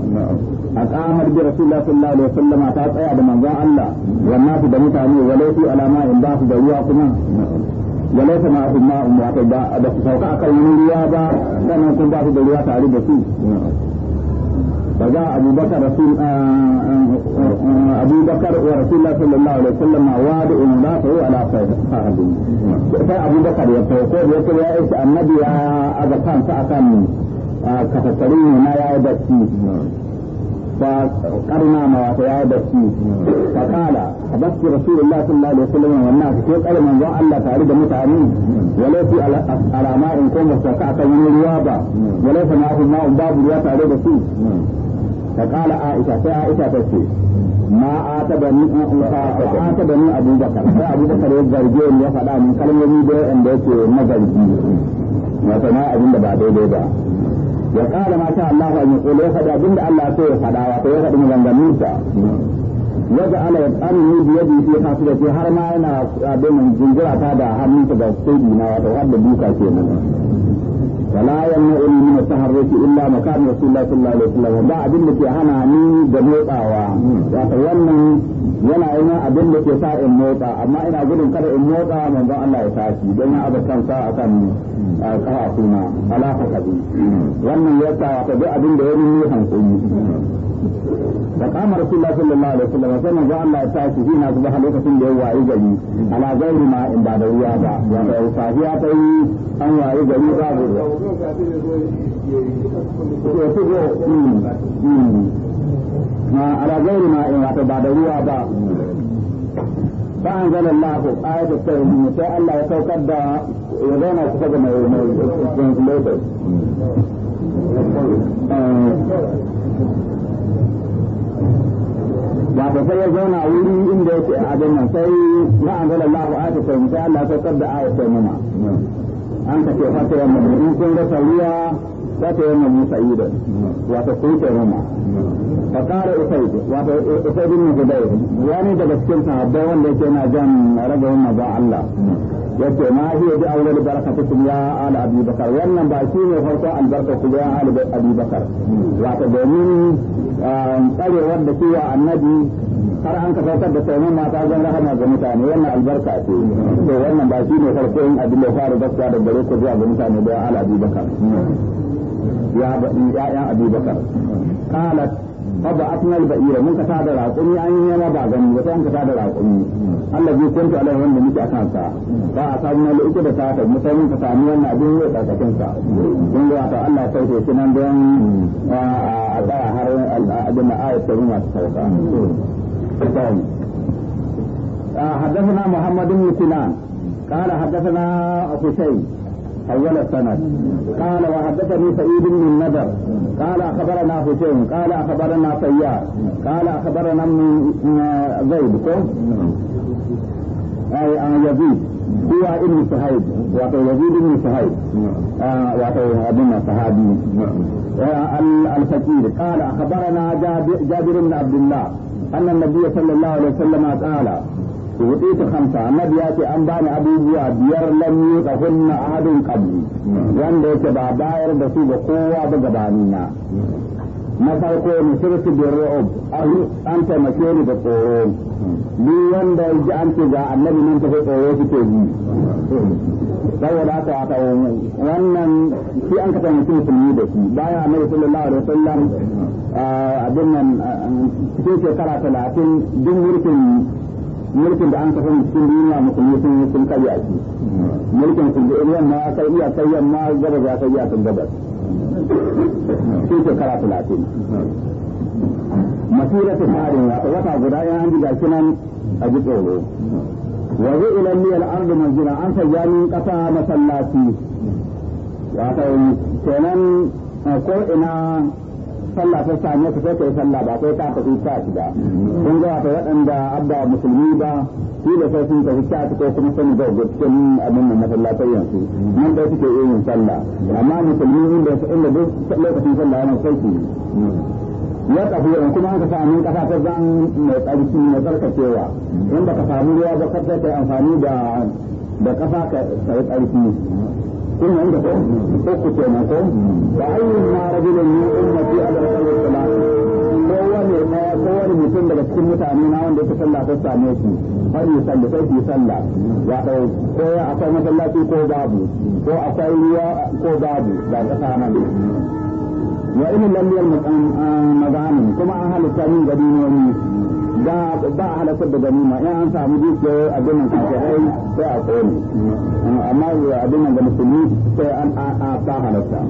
أقامت برسول الله صلى الله عليه وسلم أتاك أيها بمن ذا الله والناس بمتاني وليسوا على ما ينباس دولوا نعم وليس ما أخذ ما أمواتي دا بس سوقع كالموليا دا كان يكون باس دولوا تعريب فيه فجاء أبو بكر رسول أبو بكر ورسول الله صلى الله عليه وسلم وادع يدافع على صاحبه فأبو بكر يتوقف يقول يا إيش النبي يا أبا كان فأكان كفترين ما يا بسي فقرنا ما يا بسي فقال حدثت رسول الله صلى الله عليه وسلم والناس كيف قال من ذا الله تعالى متعمين وليس على ماء كون وستقعت من الرياضة وليس معه ماء باب لا عليه فيه فقال عائشة سي عائشة تسي ما آتبني آتبني أبو بكر فأبو بكر يزرجين يفعل من كلمة ميدة أن بيت مزل وسماء أبن دبا دي دي ya kara ma sha Allah an yaqul ya fada abin da Allah so ya fada wato ya fadi maganganun sa ya ga ala yatani bi yadi fi hasibati har ma yana abin jinjira ta da hannunsa da sai na wato har da duka kenan ولا يمنعني من التحرك الا مكان رسول الله صلى الله عليه وسلم ba abin da ke hana ni da motsawa wato wannan yana ina abin da ke sa in motsa amma ina gudun kada in motsa manzon Allah ya tashi don ya aza kansa akan kafa suna ala wannan yasa wato duk abin da ya ni hankali فقام رسول الله صلى الله عليه وسلم كما جاء الله تعالى فينا صباح لوكتين da ya wayi gari ala gairi ma in ba da ruwa ba wato safiya ta yi an wayi gari ba da الله التوحيد ba ta sai ya zauna wuri inda yake abin nan sai na anzala Allahu ayatan sai Allah ta kadda ayatan mana an ka ce fata yamma in kun ga sauriya fata yamma musa idan wa ta ce mana fakara usaid wato usaid ibn jubair wani daga cikin sahabbai wanda yake na jan ragayin maza Allah yace ma hiya bi awwal barakatukum ya ala abu bakar wannan ba shi ne farko albarka ku ya ala abi bakar wato domin tsarewar da cewa annabi har an ka saukar da taimun mata zan rahama ga mutane wannan albarka ce to wannan ba shi ne farko in abin da fara gaskiya da gare ku zuwa ga mutane da ala abu bakar ya'yan abubakar kalat Abba Asmal Ba'ira mun ka tada raƙumi an yi nema ba gani ba sai an ka tada raƙumi. Allah zai kwanta Allah wanda muke a sa. Ba a samu mallu uku da sata mu sai mun ka samu wannan abin yau ƙarƙashin sa. Mun ga ta Allah sai ke kinan don a tsaya har abin da ayat ta rumata sauka. Haddasa na Muhammadu Mutilan. Kala haddasa na Hussein. أول السند قال وحدثني سعيد بن النذر قال أخبرنا حسين قال أخبرنا سيار قال أخبرنا ابن زيد أي يزيد هو ابن سهيد وأتى يزيد بن سهيد وأتى ابن صحابي الفقير قال أخبرنا جابر بن عبد الله أن النبي صلى الله عليه وسلم قال wuɗi hamsa annabi ya ce an bani abubuwa biyar lam yuqa hunna ahadun qabli wanda yake ba bayar da su ga kowa ba gabani na na farko mu shirku bin ru'ub an taimake ni da tsoro Ni wanda ya ji an ce ga annabi nan tafi tsoro suke ji saboda haka wata wannan shi an ka taimake musulmi da shi bayan annabi sallallahu alaihi wasallam abin nan cikin shekara talatin duk mulkin mulkin da an kafa cikin duniya musulmi sun sun karya shi mulkin sun da iriyan ma kai iya kai yamma gaba za ka iya kan gabas sai kara talatin masira ta harin wata guda ya hanji ga kinan a ji tsoro wa zai ilan liyar ardu manzina an sajjani kasa masallaci wata kenan ko ina sallah sai ta ne sai ta yi sallah ba sai ta tafi ta shiga kun ga ta waɗanda abba musulmi ba shi da sai sun tafi ta ko kuma sun ga cikin abin da masallatai yanzu nan da suke yin sallah amma musulmi inda inda duk lokacin sallah yana sauki ya tafi yawan kuma an ka sami kasa ta zan mai tsarki mai tsarkakewa in ba ka samu ruwa ba ka sai ka yi amfani da da kasa ka yi tsarki كنا عندكم فوق كناكم فأيما رجل من أمتي على الله والسلام kowane mutum daga cikin mutane na wanda yake sallah ta same shi har yi sallah sai yi sallah ya ɗau ko ya akwai masallaci ko babu ko akwai ruwa ko babu ba ta sama ne wa ina lalliyar mazanin kuma an halitta min gari ne da ba a halakar da ganima in an samu dukiyar abin nan kafirai sai a kone amma abin nan da musulmi sai an a ta halatta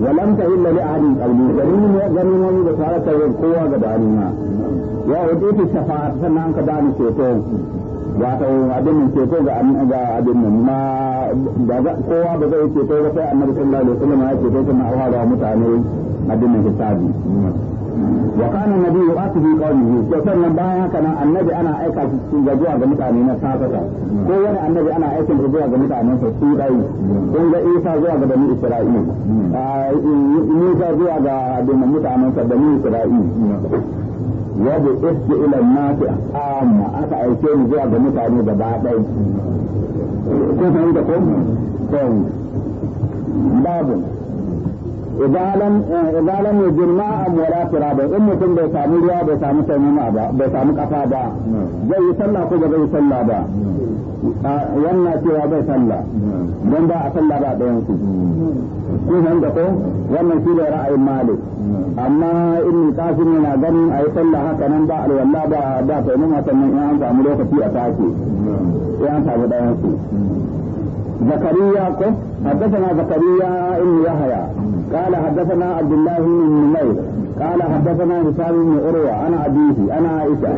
walam ta illa li ahadin qalbi ganima ganimomi da tare da kowa ga dalima ya wato ta shafa sannan ka bani ceto ta yi abin ceto ga ga abin nan ma ba za kowa ba zai ceto ba sai annabi sallallahu alaihi wasallam ya ceto kuma hawa da mutane abin nan hisabi wa kana nabi yu'ati bi qawmihi to sannan bayan haka nan annabi ana aika shi cikin gajiya zuwa ga mutane na safata ko wani annabi ana aika shi zuwa ga mutane sa su dai kun ga Isa zuwa ga bani Isra'il Musa hmm. ah, zuwa ga abin mutanen sa bani Isra'il wadda iske ilan nafi amma aka aike ni zuwa ga mutane ba ɗai ko fahimta ko? babu idan lam yajid ma'an wala turaba in mutum bai samu ruwa bai samu taimama ba bai samu kafa ba zai yi sallah ko ba zai yi sallah ba yana cewa bai sallah don ba a sallah ba ɗayan su kun san da ko wannan shi da ra'ayin malik amma in ibn qasim yana ganin yi sallah haka nan ba alwala ba ba taimama sannan in an samu lokaci a take in an samu ɗayan su زكريا حدثنا زكريا بن يحيى قال حدثنا عبد الله بن نمير قال حدثنا هشام بن عروه انا ابيه انا عائشه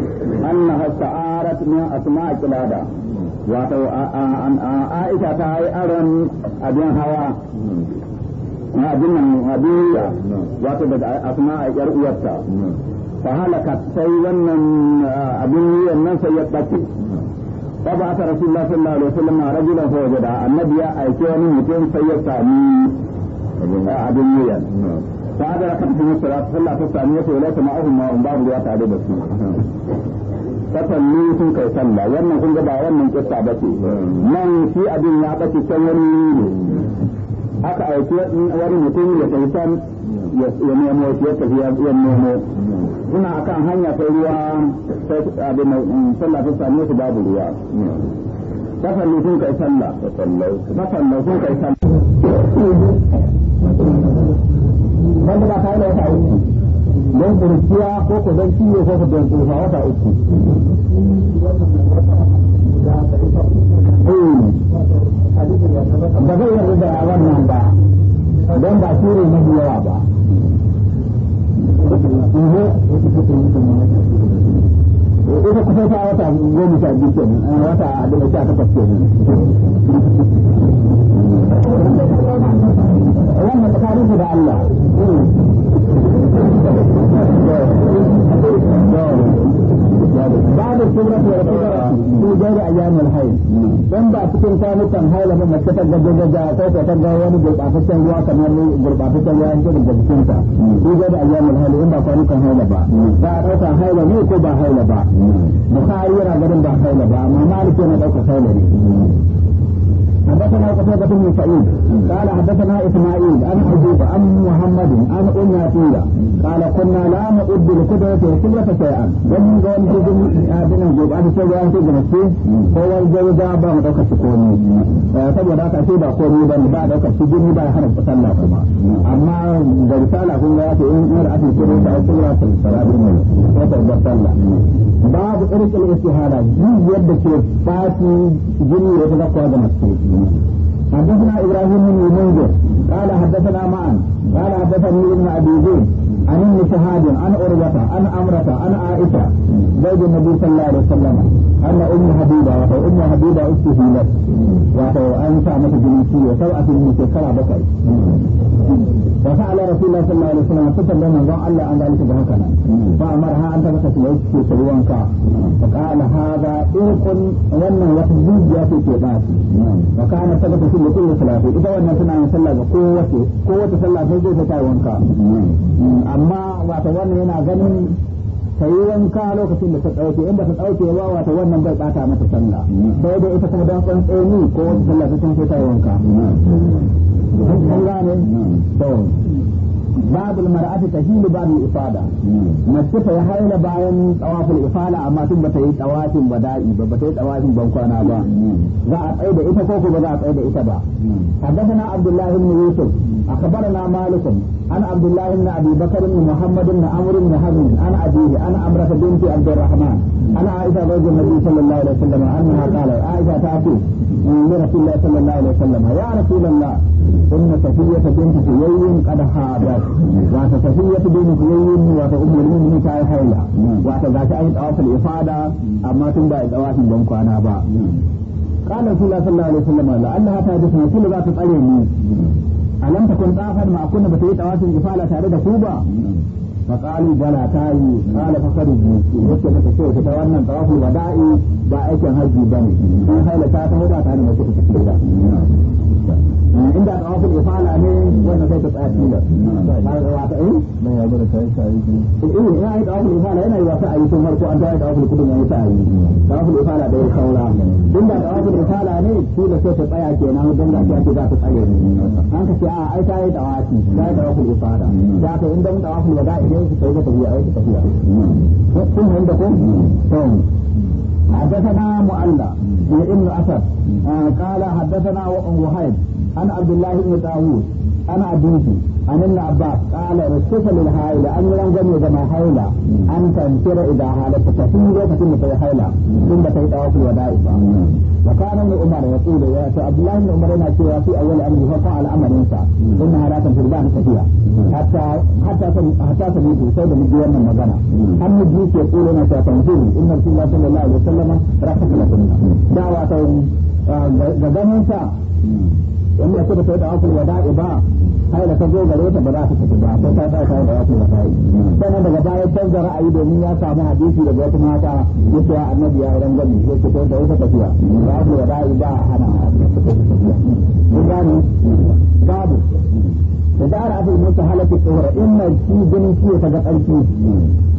انها استعارت من اسماء كلابا wato عائشه تاي ارن ابن هوا ما ابن ابي abin اسماء daga asma a yar uwarta fa halaka sai فبعث رسول الله صلى الله عليه وسلم رجلا فوجد النبي أيكون متين سيسامي abin wuya ta da kan sun sura sallah ta sami ta wala ta ma'ahum ma um babu ya tare da su fatanni sun kai sallah wannan kun ga ba wannan kissa bace nan shi abin ya bace can wani ne aka aiki wani mutum ya kai ya nemo ya tafi ya nemo suna akan hanya ruwa sai sallah ta same su babu ruwa sun kai sallah tafallu sun kai sallah wanda ba ta yi wata uku don kurciya ko ku don ciwo ko ku don tsofa wata uku wata goma sha biyu ke nan wata a da sha takwas ke nan wannan da Allah in haula haila mace ta gaje gaje ko ko ta ga wani gurbataccen ruwa kamar gurbataccen ruwa yake daga ta ko ga da ayyamul haila in ba kan haila ba ba a dauka haila ne ko ba haila ba bukhari yana garin ba haila ba amma maliki yana dauka haila ne حدثنا قتيبة بن سعيد قال حدثنا إسماعيل عن أيوب عن محمد عن أم عطية قال كنا لا نؤد لقدرة الكبرة شيئا ومن قوم تجن أبن أيوب أن تجن في نفسه هو الجوزاء بعد أوقات سكوني تبغى ذاك أشيء بقولي بل بعد أوقات سجن بعد حرف صلى كما أما برسالة هو يأتي إن مرأة الكبرة أو كبرة صلى الله صلى باب طريق الاستهادة يجب يدك فاتي جنيه وتذكر هذا حدثنا ابراهيم بن منذر قال حدثنا معا قال حدثني ابن ابي زيد عن ابن شهاب عن عروة عن عمرة عن عائشة زوج النبي صلى الله عليه وسلم أن أم حبيبة وهو أم حبيبة استهيلت وهو أن سامة جنسية سوءة جنسية كلا بكر وفعل رسول الله صلى الله عليه وسلم فتن لنا ضاع الله عن ذلك بهكذا فأمرها أن تمسك العيش في سلوانك فقال هذا إرق وأن وحزيجة في كيباتي وكانت تبقى في كل صلاة إذا وأن سنة صلى قوة قوة صلى في جيسة وانك amma wata wannan yana ganin ta yi wanka lokacin da ta ɗauke inda ta ɗauke wa wata wannan bai ɓata mata sallah sai da ita kuma don san tsoni ko sallah ta tun ta yi wanka. Mm. Kun gane? Mm. babul mar'ati tahilu babu ifada mace tsaya ya haila bayan tawaful ifala amma tun ba ta yi tawafin ba daɗi ba ta yi tawafin bankwana ba za a tsaya da ita ko ko ba za a tsaya da ita ba hadathana na ibn yusuf akhbarana malik an abdullah ibn abi bakr ibn muhammad ibn amr ibn hadan an abi bi an amra binti abdurrahman ana aisha radhiyallahu anha qala aisha ta'ti ummu rasulillahi sallallahu alaihi wasallam ya rasulillahi إن صفية بنت حيي قد حاضت وات صفية بنت حيي وات أم المؤمنين تاي حيلا وات ذات أي طواف الإفادة أما تنبع الزواج بن كوانا با قال رسول الله صلى الله عليه وسلم لأنها تحدثنا كل ذات تطلعني ألم تكن طافا ما أكون بتيت أواسي الإفادة تارد كوبا فقالوا بلا تاي قال فخرجوا yake maka ce ta wannan tawafu wada'i ba aikin hajji ba ne dan haila ta ta hoda ta ne mai kuka cikin da inda tawafu fara ne wanda sai ta tsaya tilas har wata eh mai ya gura ta yi eh ya eh, yi tawafu ifala yana yi wasa a yi tun farko an ta yi tawafu kudin ya yi ta yi tawafu ifala da ya kaura inda tawafu ifala ne tilas sai ta tsaya kenan dan ga ta ce za ta tsaya ne an ka ce a ai ta yi tawafi ta yi tawafu ifala da ta inda mun tawafu da'i. gare shi kai mata biya tafiya kun hain da kun حدثنا مؤلى ابن اسد قال حدثنا وهيب عن عبد الله بن داوود عن ابيه عن ابن عباس قال رسف للهائلة أن ينظم جميع جمع حيلة أن تنفر إذا هالت تفيد فتن في حيلة ثم تهدأ في الودائف وكان ابن عمر يقول يا عبد الله ابن عمر هنا في أول أمر هو فعل أمر إنسا إنها لا تنفر بعد كثيرة حتى حتى حتى تميت سيد من ديوان من مغنى أم الجيش يقول لنا تنفر إن رسول الله صلى الله عليه وسلم رحمة لكم دعوة ga ganinsa in mace ba da yi ya da'i ba har da ta zo gare ta ba za ta tafi ba sai ta sa ta yi tawafin wada'i sannan daga baya canza ra'ayi domin ya samu hadisi da wata mata ya ce annabi ya ran gani ya ce da wata tafiya ya da'i ba a hana mun gane babu da dara abin masa in mai shi gani shi ya ta ga ƙarfi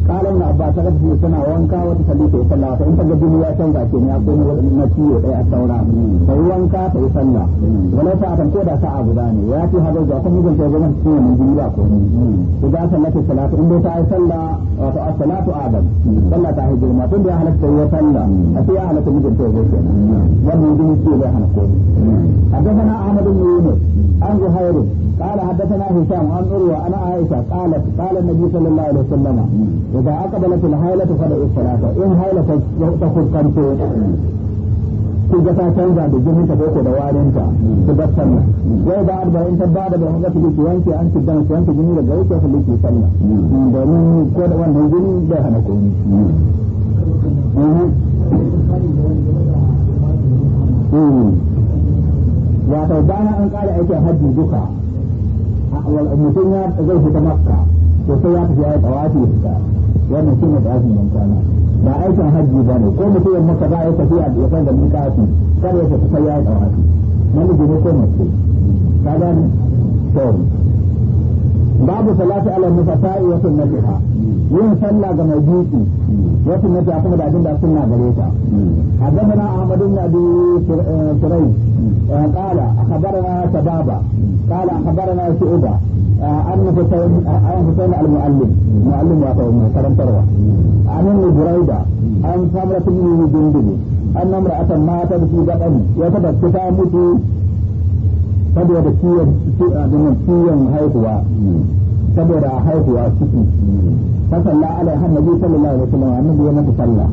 kalon na ba ta rafi suna wanka wata sallah ta yi sallah ta in ta gaji ya canza ke ya komi wani na ciwo ɗaya a saura ta yi wanka ta yi sallah wani ta akan da sa abu da ne ya ce hajar da ta mugunta ya gwamnati cikin wani jini ba ko ta za ta salatu in bai ta yi sallah wato a salatu ta yi girma tun da ya halatta yi sallah a sai ya halatta mugunta ya gwamnati wannan jini ce bai hana ko ne a gaba na ahmadu ne yi ne an zuhairu قال حدثنا هشام عن عروة أنا عائشة قالت قال النبي صلى الله عليه وسلم إذا أقبلت الهائلة فدعوا الصلاة إن هائلة تخرج كنتو kuga ta canza da jinin ta koko da warin ta su bar sallah yau da arba'in ta ba da ba ga ki wanke an ci dan wanke jini daga wuce su ki Da domin ko da wannan jini da hana komi wato bana an kara aikin hajji duka mutun ya zai fita makka to sai ya tafi ya yi tawafi fita wannan shi ne tawafin bankwana ba aikin hajji ba ne ko mutum ya maka za a yi da yasan da kar ya tafi sai ya tawafi namiji ne ko mace ka gani to babu salati ala musafa'i wa sunnatiha yin sallah ga mai duki wa sunnatiha kuma da abin da sunna gare ta hadathana ahmadu ibn abi eh, turai eh, qala akhbarana sababa qala akhbarana shu'ba eh, an husayn an husayn al muallim muallim wa ta karantarwa an ibn buraida an samrat ibn jundub an imra'atan matat bi gadan ya tabakkata mutu saboda ciwon ciki a nan ciwon haihuwa saboda haihuwa ciki fasan la alai har nabi sallallahu alaihi wasallam annabi ya mata sallah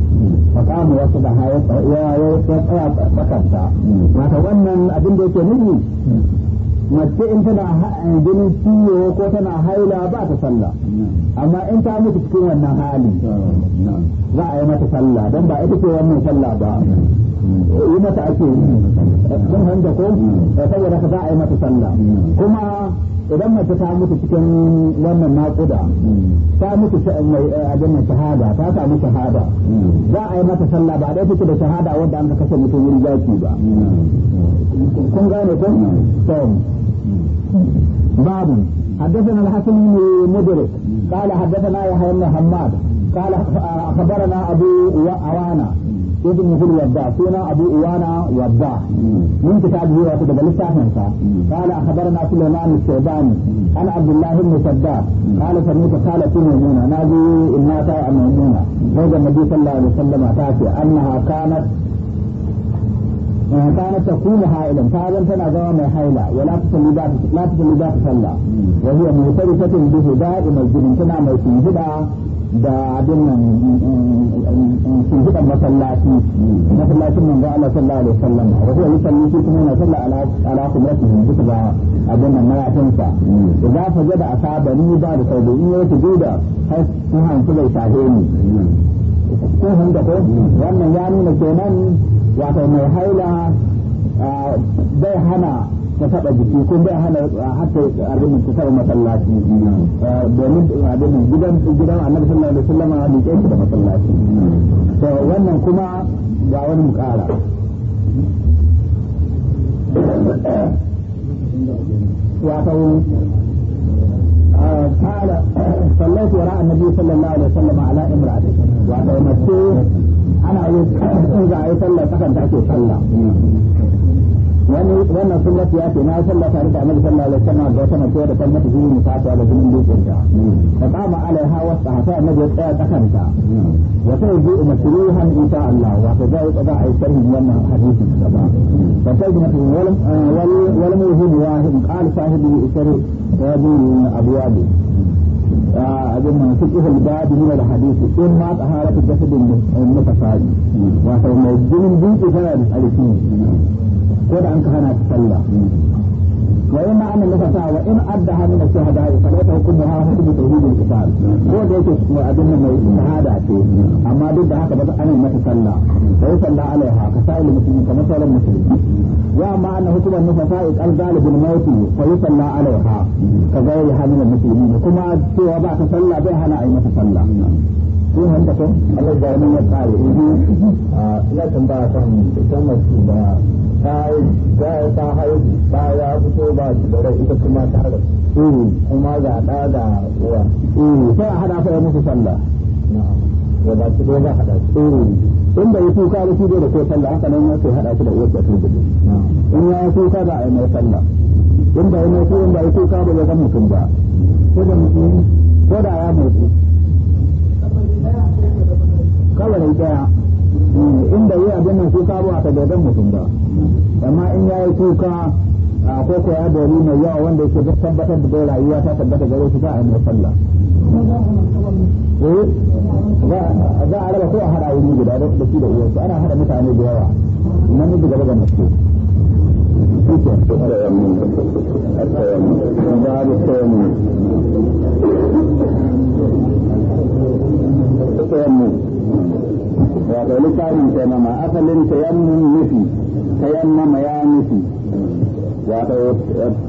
fa kama wasu da hayat ya ya tsaya bakanta wannan abin da yake nufi mace in tana jinin ciwo ko tana haila ba ta sallah amma in ta mutu cikin wannan hali za a yi mata sallah don ba ita ce wannan sallah ba yi mata ake don hanga ko eh, saboda ka za a yi mata sallah kuma idan mace ta mutu cikin wannan naƙuda ta mutu eh, a jannan shahada ta samu shahada za a yi mata sallah ba dai take da shahada wanda an ka kashe mutum wuri zaki ba kun gane ko babu حدثنا الحسن بن مدرك قال حدثنا يحيى بن حماد قال اخبرنا ابو عوانه ابن هل وضع سنة أبو إوانا وضع من كتابه وكتب لسانه قال أخبرنا سليمان الشعباني أنا عبد الله بن صداق قال سميت خالة ميمونة نادي الناس ميمونة زوج النبي صلى الله عليه وسلم تاتي أنها كانت كانت تكون حائلا فهذا تنا زوا من حيلة ولا تصلي ذات لا تصلي ذات صلى وهي مرتبطة بهداء مسجد تنا مسجد da abin nan sun eh, shirgidan eh, eh, masallaci masallacin nan ga Allah sallallahu alaihi wasallam rasul ya salli shi kuma yana salla ala ala kumratihi duka ga abin nan mayatinsa da za ka jada sabani ba da sau da in yake duda har sun hanci bai shahe ni kun hanga ko wannan ya nuna kenan wato mai haila ah, bai hana ta taɓa jiki ko bai hana hatta abin ta taɓa masallaci eh, domin abin gidan gidan annabi sallallahu alaihi wasallam a liƙe da masallaci to wannan kuma ga wani mukara wato قال صليت وراء النبي صلى الله عليه وسلم على امرأته وعندما انا اقول اذا اي صلى فكان تحكي صلى وانا أنا يا اخي ما أنا على النبي صلى أنا عليه وسلم على أنا الكوره تم تجيني أنا على جنون دي أنا فقام عليها وسعتها أنا صلى الله عليه أنا وسيجيء آه مكروها ان شاء الله أنا اضع يسره لما أنا الشباب فسيدنا في أنا ولم آه، يهم واحد أنا صاحب يسره رجل أنا ابوابه أجمع سكه أنا من الحديث إن ما أنا الجسد المتفاعل وحرم أنا دي تفاعل أ ko da an ka hana sallah wa ma'ana nufasa wa in adda hannu da shahada ya hukumu ha hukumu kitab ko da yake mai abin mai shahada ce amma duk da haka ba ta ana mata sallah sai sallah alaiha ka sa'il musulmi kamar sauran musulmi wa fa alaiha ka musulmi kuma cewa ba ka sallah bai hana a mata sallah ko hanta ko Allah ya yi ina tambaya kan da ta ta ta haihu ba ya fito ba shi da ita kuma ta rasu mm. kuma ga da da uwa ta mm. hada fa ya musu sallah ya ba shi dai ba hada shi mm. in bai kuka ba shi dai da ko sallah haka nan ya ce hada shi da uwar da tudu in ya kuka ba a yi mai sallah in bai mai ba ya mutum ba ko da mutum ko da ya mutu kawai daya inda yi abin nan kuka ba ta dodon mutum ba amma in ya yi kuka a koko ya dori mai yawa wanda yake duk tabbatar da rayuwa ta tabbata gare shi ba a yi sallah eh, za a raba ko a hada wuri guda da shi da uwarsu ana hada mutane da yawa namiji gaba da mace بعد التيمم التيمم wato littafin ma asalin tayammun nufi tayammama ya nufi wato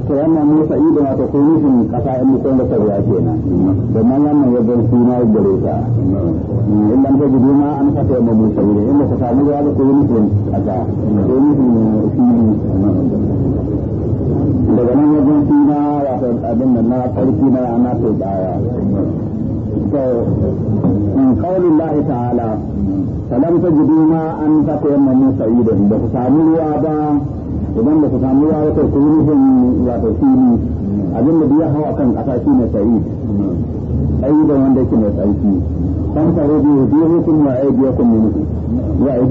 sa'i eh, da wato ko nufin kasa in mutum da sarwa da ma yamma ya zan suna gare ta mm, in ban taji ma an ka sa'i da inda ka samu ruwa da ko nufin kasa ko nufin fili daga nan ya zan suna wato abin na farki na ana baya قول الله تعالى فلم تجدوا ما أن تقيموا سعيدا بخصامي وابا idan ba su samu ya wato fili abin da biya hawa kan kasa shi ne sayi ayi da wanda yake mai tsarki kan hukun wa ai biya kun wa ai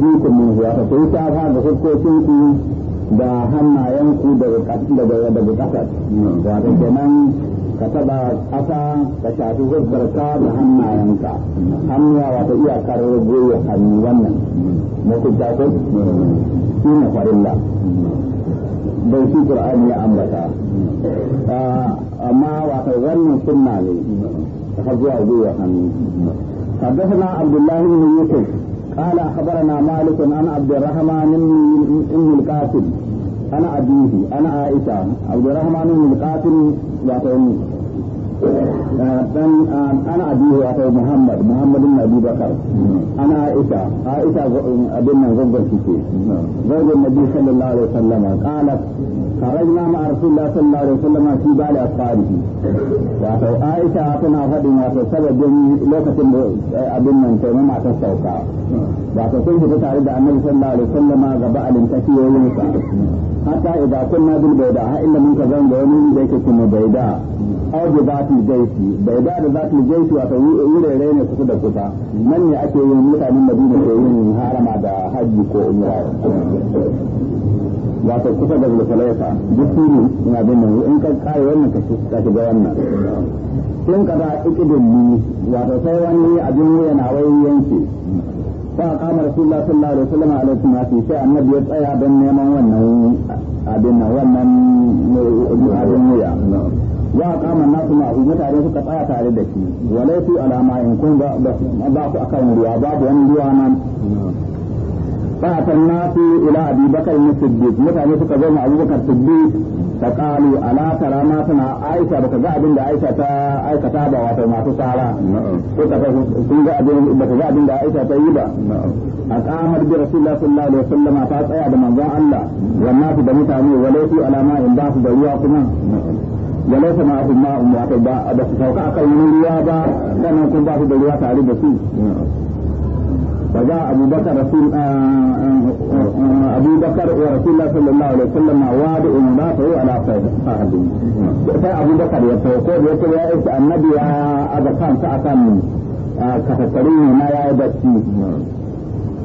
ga da da hannayen ku daga ka taba ƙasa ka shafi ka da hannayenka hannuwa wata iyakar goyi hannu wannan mutunta ko shi na farilla bai shi qur'ani ya ambata ah, amma wata wannan sunna ne har zuwa goyi hannu حدثنا عبد الله بن يوسف قال اخبرنا مالك عن عبد الرحمن بن القاسم ana abihi ana aisha abdurrahman bin qasim ya tayi dan ah, ana abi wato Muhammad muhammadun ibn Abi Bakar ana Aisha Aisha abin nan gogon kike gogon Nabi sallallahu alaihi wasallam qala kharajna ma Rasulullah sallallahu alaihi wasallam fi bali asfarihi wato Aisha tana fadin wato sababin lokacin da eh, abin nan ta mama ta sauka wato sun fita tare da Annabi sallallahu alaihi wasallam gaba alin tafiyoyin sa hatta idan kunna bil bayda ha inda mun ka zanga wani da yake kuma bayda au bi zatul bai da ibada yi jaishi yi wurare ne kusa da kusa nan ne ake yin mutanen madina ke yin harama da haji ko kusa da zulfalaifa duk turu ina bin nan in ka kare wannan ka ka ga wannan tun ka ikidin ni sai wani abin wuya na wai yanke fa kama rasulullah sallallahu alaihi wasallam alaihi sai annabi ya tsaya don neman wannan abin nan wannan abin wuya ya kama nasu ma'u mutane suka tsaya tare da shi walai su alama in kun ba su akan ruwa babu wani ruwa nan fatan nasu ila abi bakar ne siddiq mutane suka zo ma abubakar siddiq ta kalu ala tara ma tana aisha baka ga abin da aisha ta aikata ba wato masu tsara ko ta kun ga abin baka ga abin da aisha ta yi ba a kamar bi rasulullah sallallahu alaihi wasallam ta tsaya da manzon Allah wannan da mutane walai su alama in ba su da ruwa kuma da laifin na umma ta ba a basu sauka a kan ruwa ba kana kun ba su da ruwa tare da su ba za abu bakar abu bakar wa rasulullah sallallahu alaihi wasallam ta abu bakar ya sauko da yake ya yi annabi ya aga kansa akan kafafarin ma ya yi bacci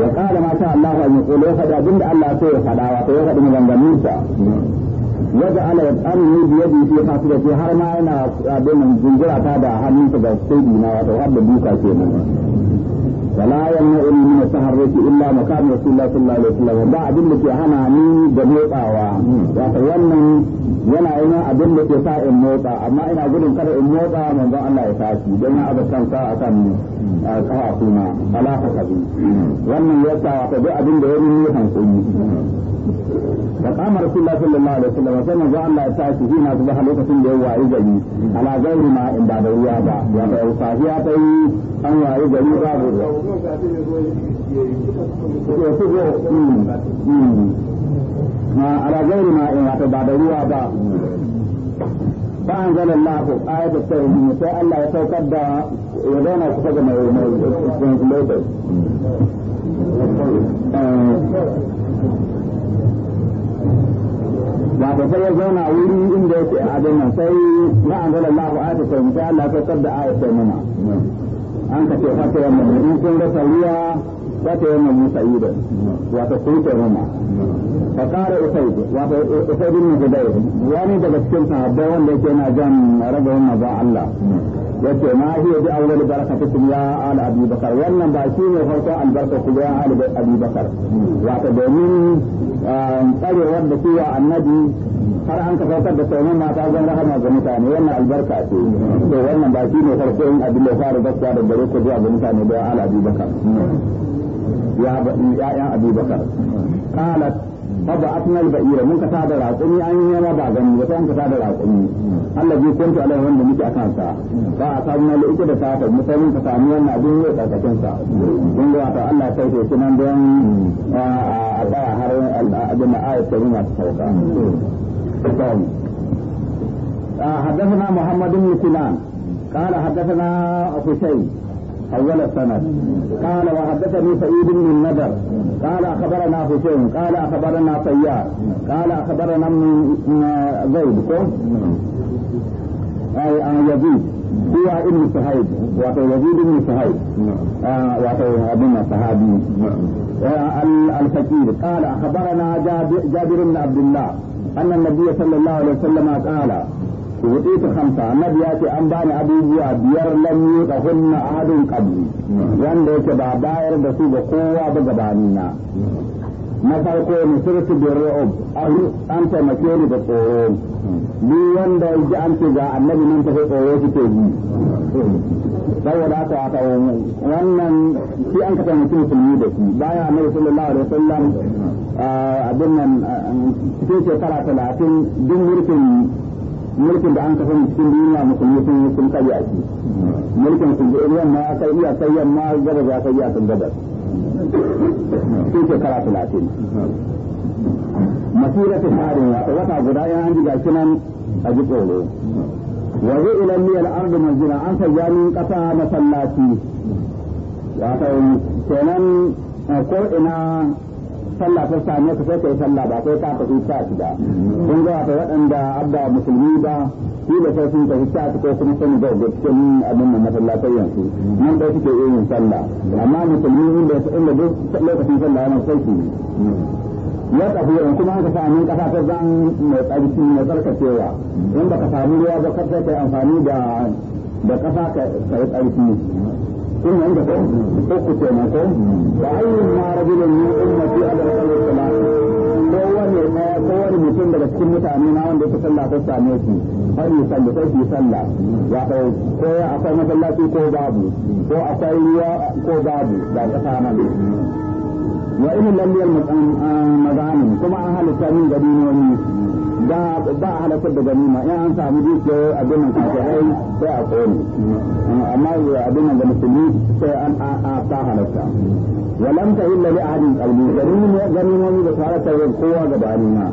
ya kala ma sha Allah an yaqulu ya faɗi da Allah sai ya faɗa wato ya faɗi maganganun sa ga ala ya tsani ne biye da fasu da shi har ma yana abin jingura ta da hannunsa da sai na wato har da duka kenan ولا يمنعني من التحرك الا مكان رسول الله صلى الله عليه وسلم ba abin da ke hana ni da motsawa wato wannan yana na abin da ke sa in motsa amma ina gudun kada in motsa manzon Allah ya tashi don ya abu kan sa akan kawa kuma alaka kabi wannan yasa wato duk abin da ya nuna hankali فقام da الله صلى الله عليه وسلم وسلم جاء الله تعالى في ناس بها لوكة يوم وعيجني على غير ما إن بعد الرياضة يعني yi تي أن gari باب على غير ماء wato ba da ruwa ba ba an zala Allah ayat at-tawhid sai Allah ya saukar da ya zauna kusa ga mai mai translator wato sai ya zauna wuri inda yake a dinnan sai an ka ce fata yamma in kun sauriya ruwa fata yamma musa idan da kun ce roma fa kara usaid wata usaid ibn hudayr wani daga cikin sahabbai wanda yake na jan ragawar maza Allah yace ma hiya bi awwal barakatukum ya ala abi bakar wannan ba shi ne farko albarka ku ya ala abi bakar wato domin um, tsarewar da kuwa annabi har an kafartar da sauran mata zan rahama ga mutane wannan albarka ce to wannan ba shi ne farko in abin da fara gaskiya da gare ku zuwa ga mutane da abi bakar ya ya'yan abi bakar qalat haba asnal ba'ira mun ka tada raƙumi an yi ba gani wata an ka tada raƙumi Allah bai kuntu alai wanda muke akan sa ba a samu wani ita da safa mu sai mun ka samu wannan abin yau tsakakin sa kun ga ta Allah sai ke kuma don a ba har abin da ayat ta nuna sauka حدثنا محمد بن سنان قال حدثنا حسين أول سند قال وحدثني سعيد بن النذر قال أخبرنا حسين قال أخبرنا طيار قال أخبرنا من زيد أي آه، يزيد هو ابن سهيد وأتى يزيد بن سهيد وأتى ابن صحابي نعم. آه، نعم. آه، الفقير قال أخبرنا جابر بن عبد الله أن النبي صلى الله عليه وسلم قال ta hamsa annabi ya ce an bani abubuwa biyar lam ka hunna ahadun qabli wanda yake ba bayar da su ga kowa ba gabanin na farko nusirtu bi ru'ub an taimake ni da tsoro Ni wanda ya ji an ce ga annabi nan ta tsoro shi ke ji saboda haka wata wannan shi an ka sun musulmi da shi baya annabi sallallahu alaihi wasallam ah, abin nan ah, cikin shekara talatin duk mulkin mulkin da an kafa cikin duniya musulmi sun sun kai a shi mulkin sun ji ruwan ma kai iya kai ma gaba za kai iya sun gaba sai shekara talatin masira ta tarin wata wata guda ya an jiga kinan a ji tsoro waje ilan miyar ardu manzina an sanya min kasa masallaci wata kenan ko ina sallah ta same ka sai ka yi sallah ba sai ka tafi ta shi ba kun ga ta waɗanda abba musulmi ba shi da sai sun tafi ta ko kuma sun ga da cikin abin da masallatai yanzu nan da suke yin sallah amma musulmi inda inda duk lokacin sallah yana sai shi ya tafi yan kuma haka sami kasa ta zan mai tsarki mai tsarkacewa in ba ka samu ruwa ba kar ka yi amfani da da kasa ka yi tsarki إن عندكم أخت معكم فأيما رجل من أدرك kowane kowane mutum daga cikin mutane na wanda yake sallah ta same shi har yi sallah yi sallah ya ko akwai masallaci ko babu ko akwai ruwa ko babu da ƙasa nan wa in kuma an halitta min gari ne ba ba halakar da ganima in an samu dukiya abin nan kafirai sai a kone amma abin nan da musulmi sai an a ta halatta walam ta illa li ahadin qalbi ganima ganimomi da tare ta kowa gabanin ma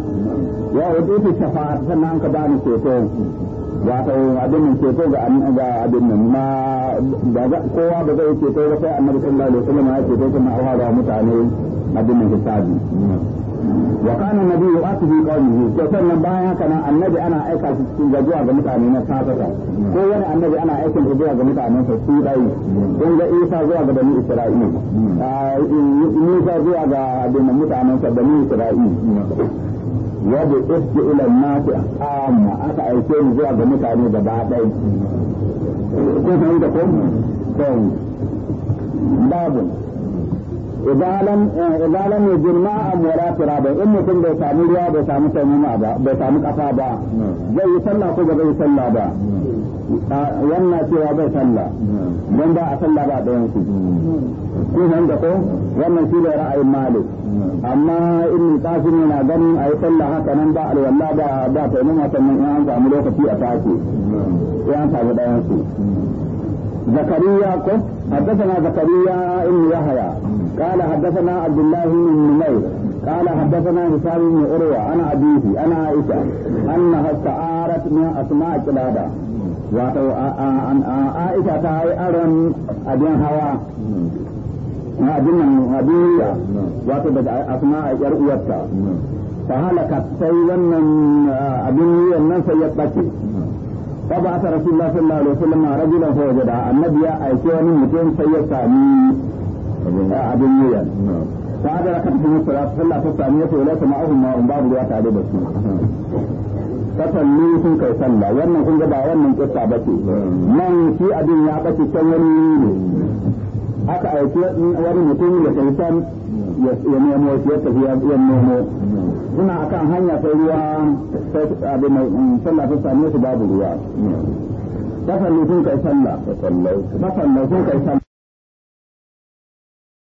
ya wato ta sannan ka ceto wato abin ceto ga ga a ma ba kowa ba zai ceto ba sai annabi sallallahu alaihi wasallam ya ceto kuma a mutane abin hisabi وكان النبي يؤتي في قومه كتن بايا كان النبي انا ايكا في جوا ga na safata ko wani annabi ana aikin da zuwa ga mutanen sa su dai kun ga Isa zuwa ga zuwa ga bani mutanen ndị bani Isra'ila ila an amma aka aike ni zuwa ga mutane gaba ɗaya ko ko babu idan lam a ma'an tura turaba in mutum bai samu ruwa bai samu taimama ba bai samu kafa ba zai yi sallah ko ba zai yi sallah ba wannan cewa bai sallah don ba a sallah ba da su kun san da ko wannan shi ne ra'ayin malik amma ibn qasim na ganin ayi sallah haka nan ba alwala ba ba taimama sannan in an samu lokaci a tashi in an samu da su zakariya ko na zakariya in yahaya قال حدثنا عبد الله بن نمير قال حدثنا هشام بن عروة عن أبيه أنا عائشة أنها استعارت من أسماء قلادة واتو عائشة تاي أرم أبين هوا abin nan abin wato daga asma a yar uwarta fa halaka sai wannan abin yiyan nan sai ya bace fa ba ta rasulullah sallallahu alaihi wasallam rajulan fa wajada annabi ya aike wani mutum sai ya sami abin wuya ta hada da kan cikin sura sallah ta sami ya tawala ta ma'ahum ma'um babu ruwa tare da su ni sun kai sallah wannan kun ga ba wannan kissa ba ce nan shi abin ya bace can wani ne aka aiki wani mutum ya kai san ya nemo ya tafi ya nemo suna akan hanya sai ruwa sai abin mm, sallah ta sami su babu ruwa fasalli sun kai sallah fasalli sun kai sallah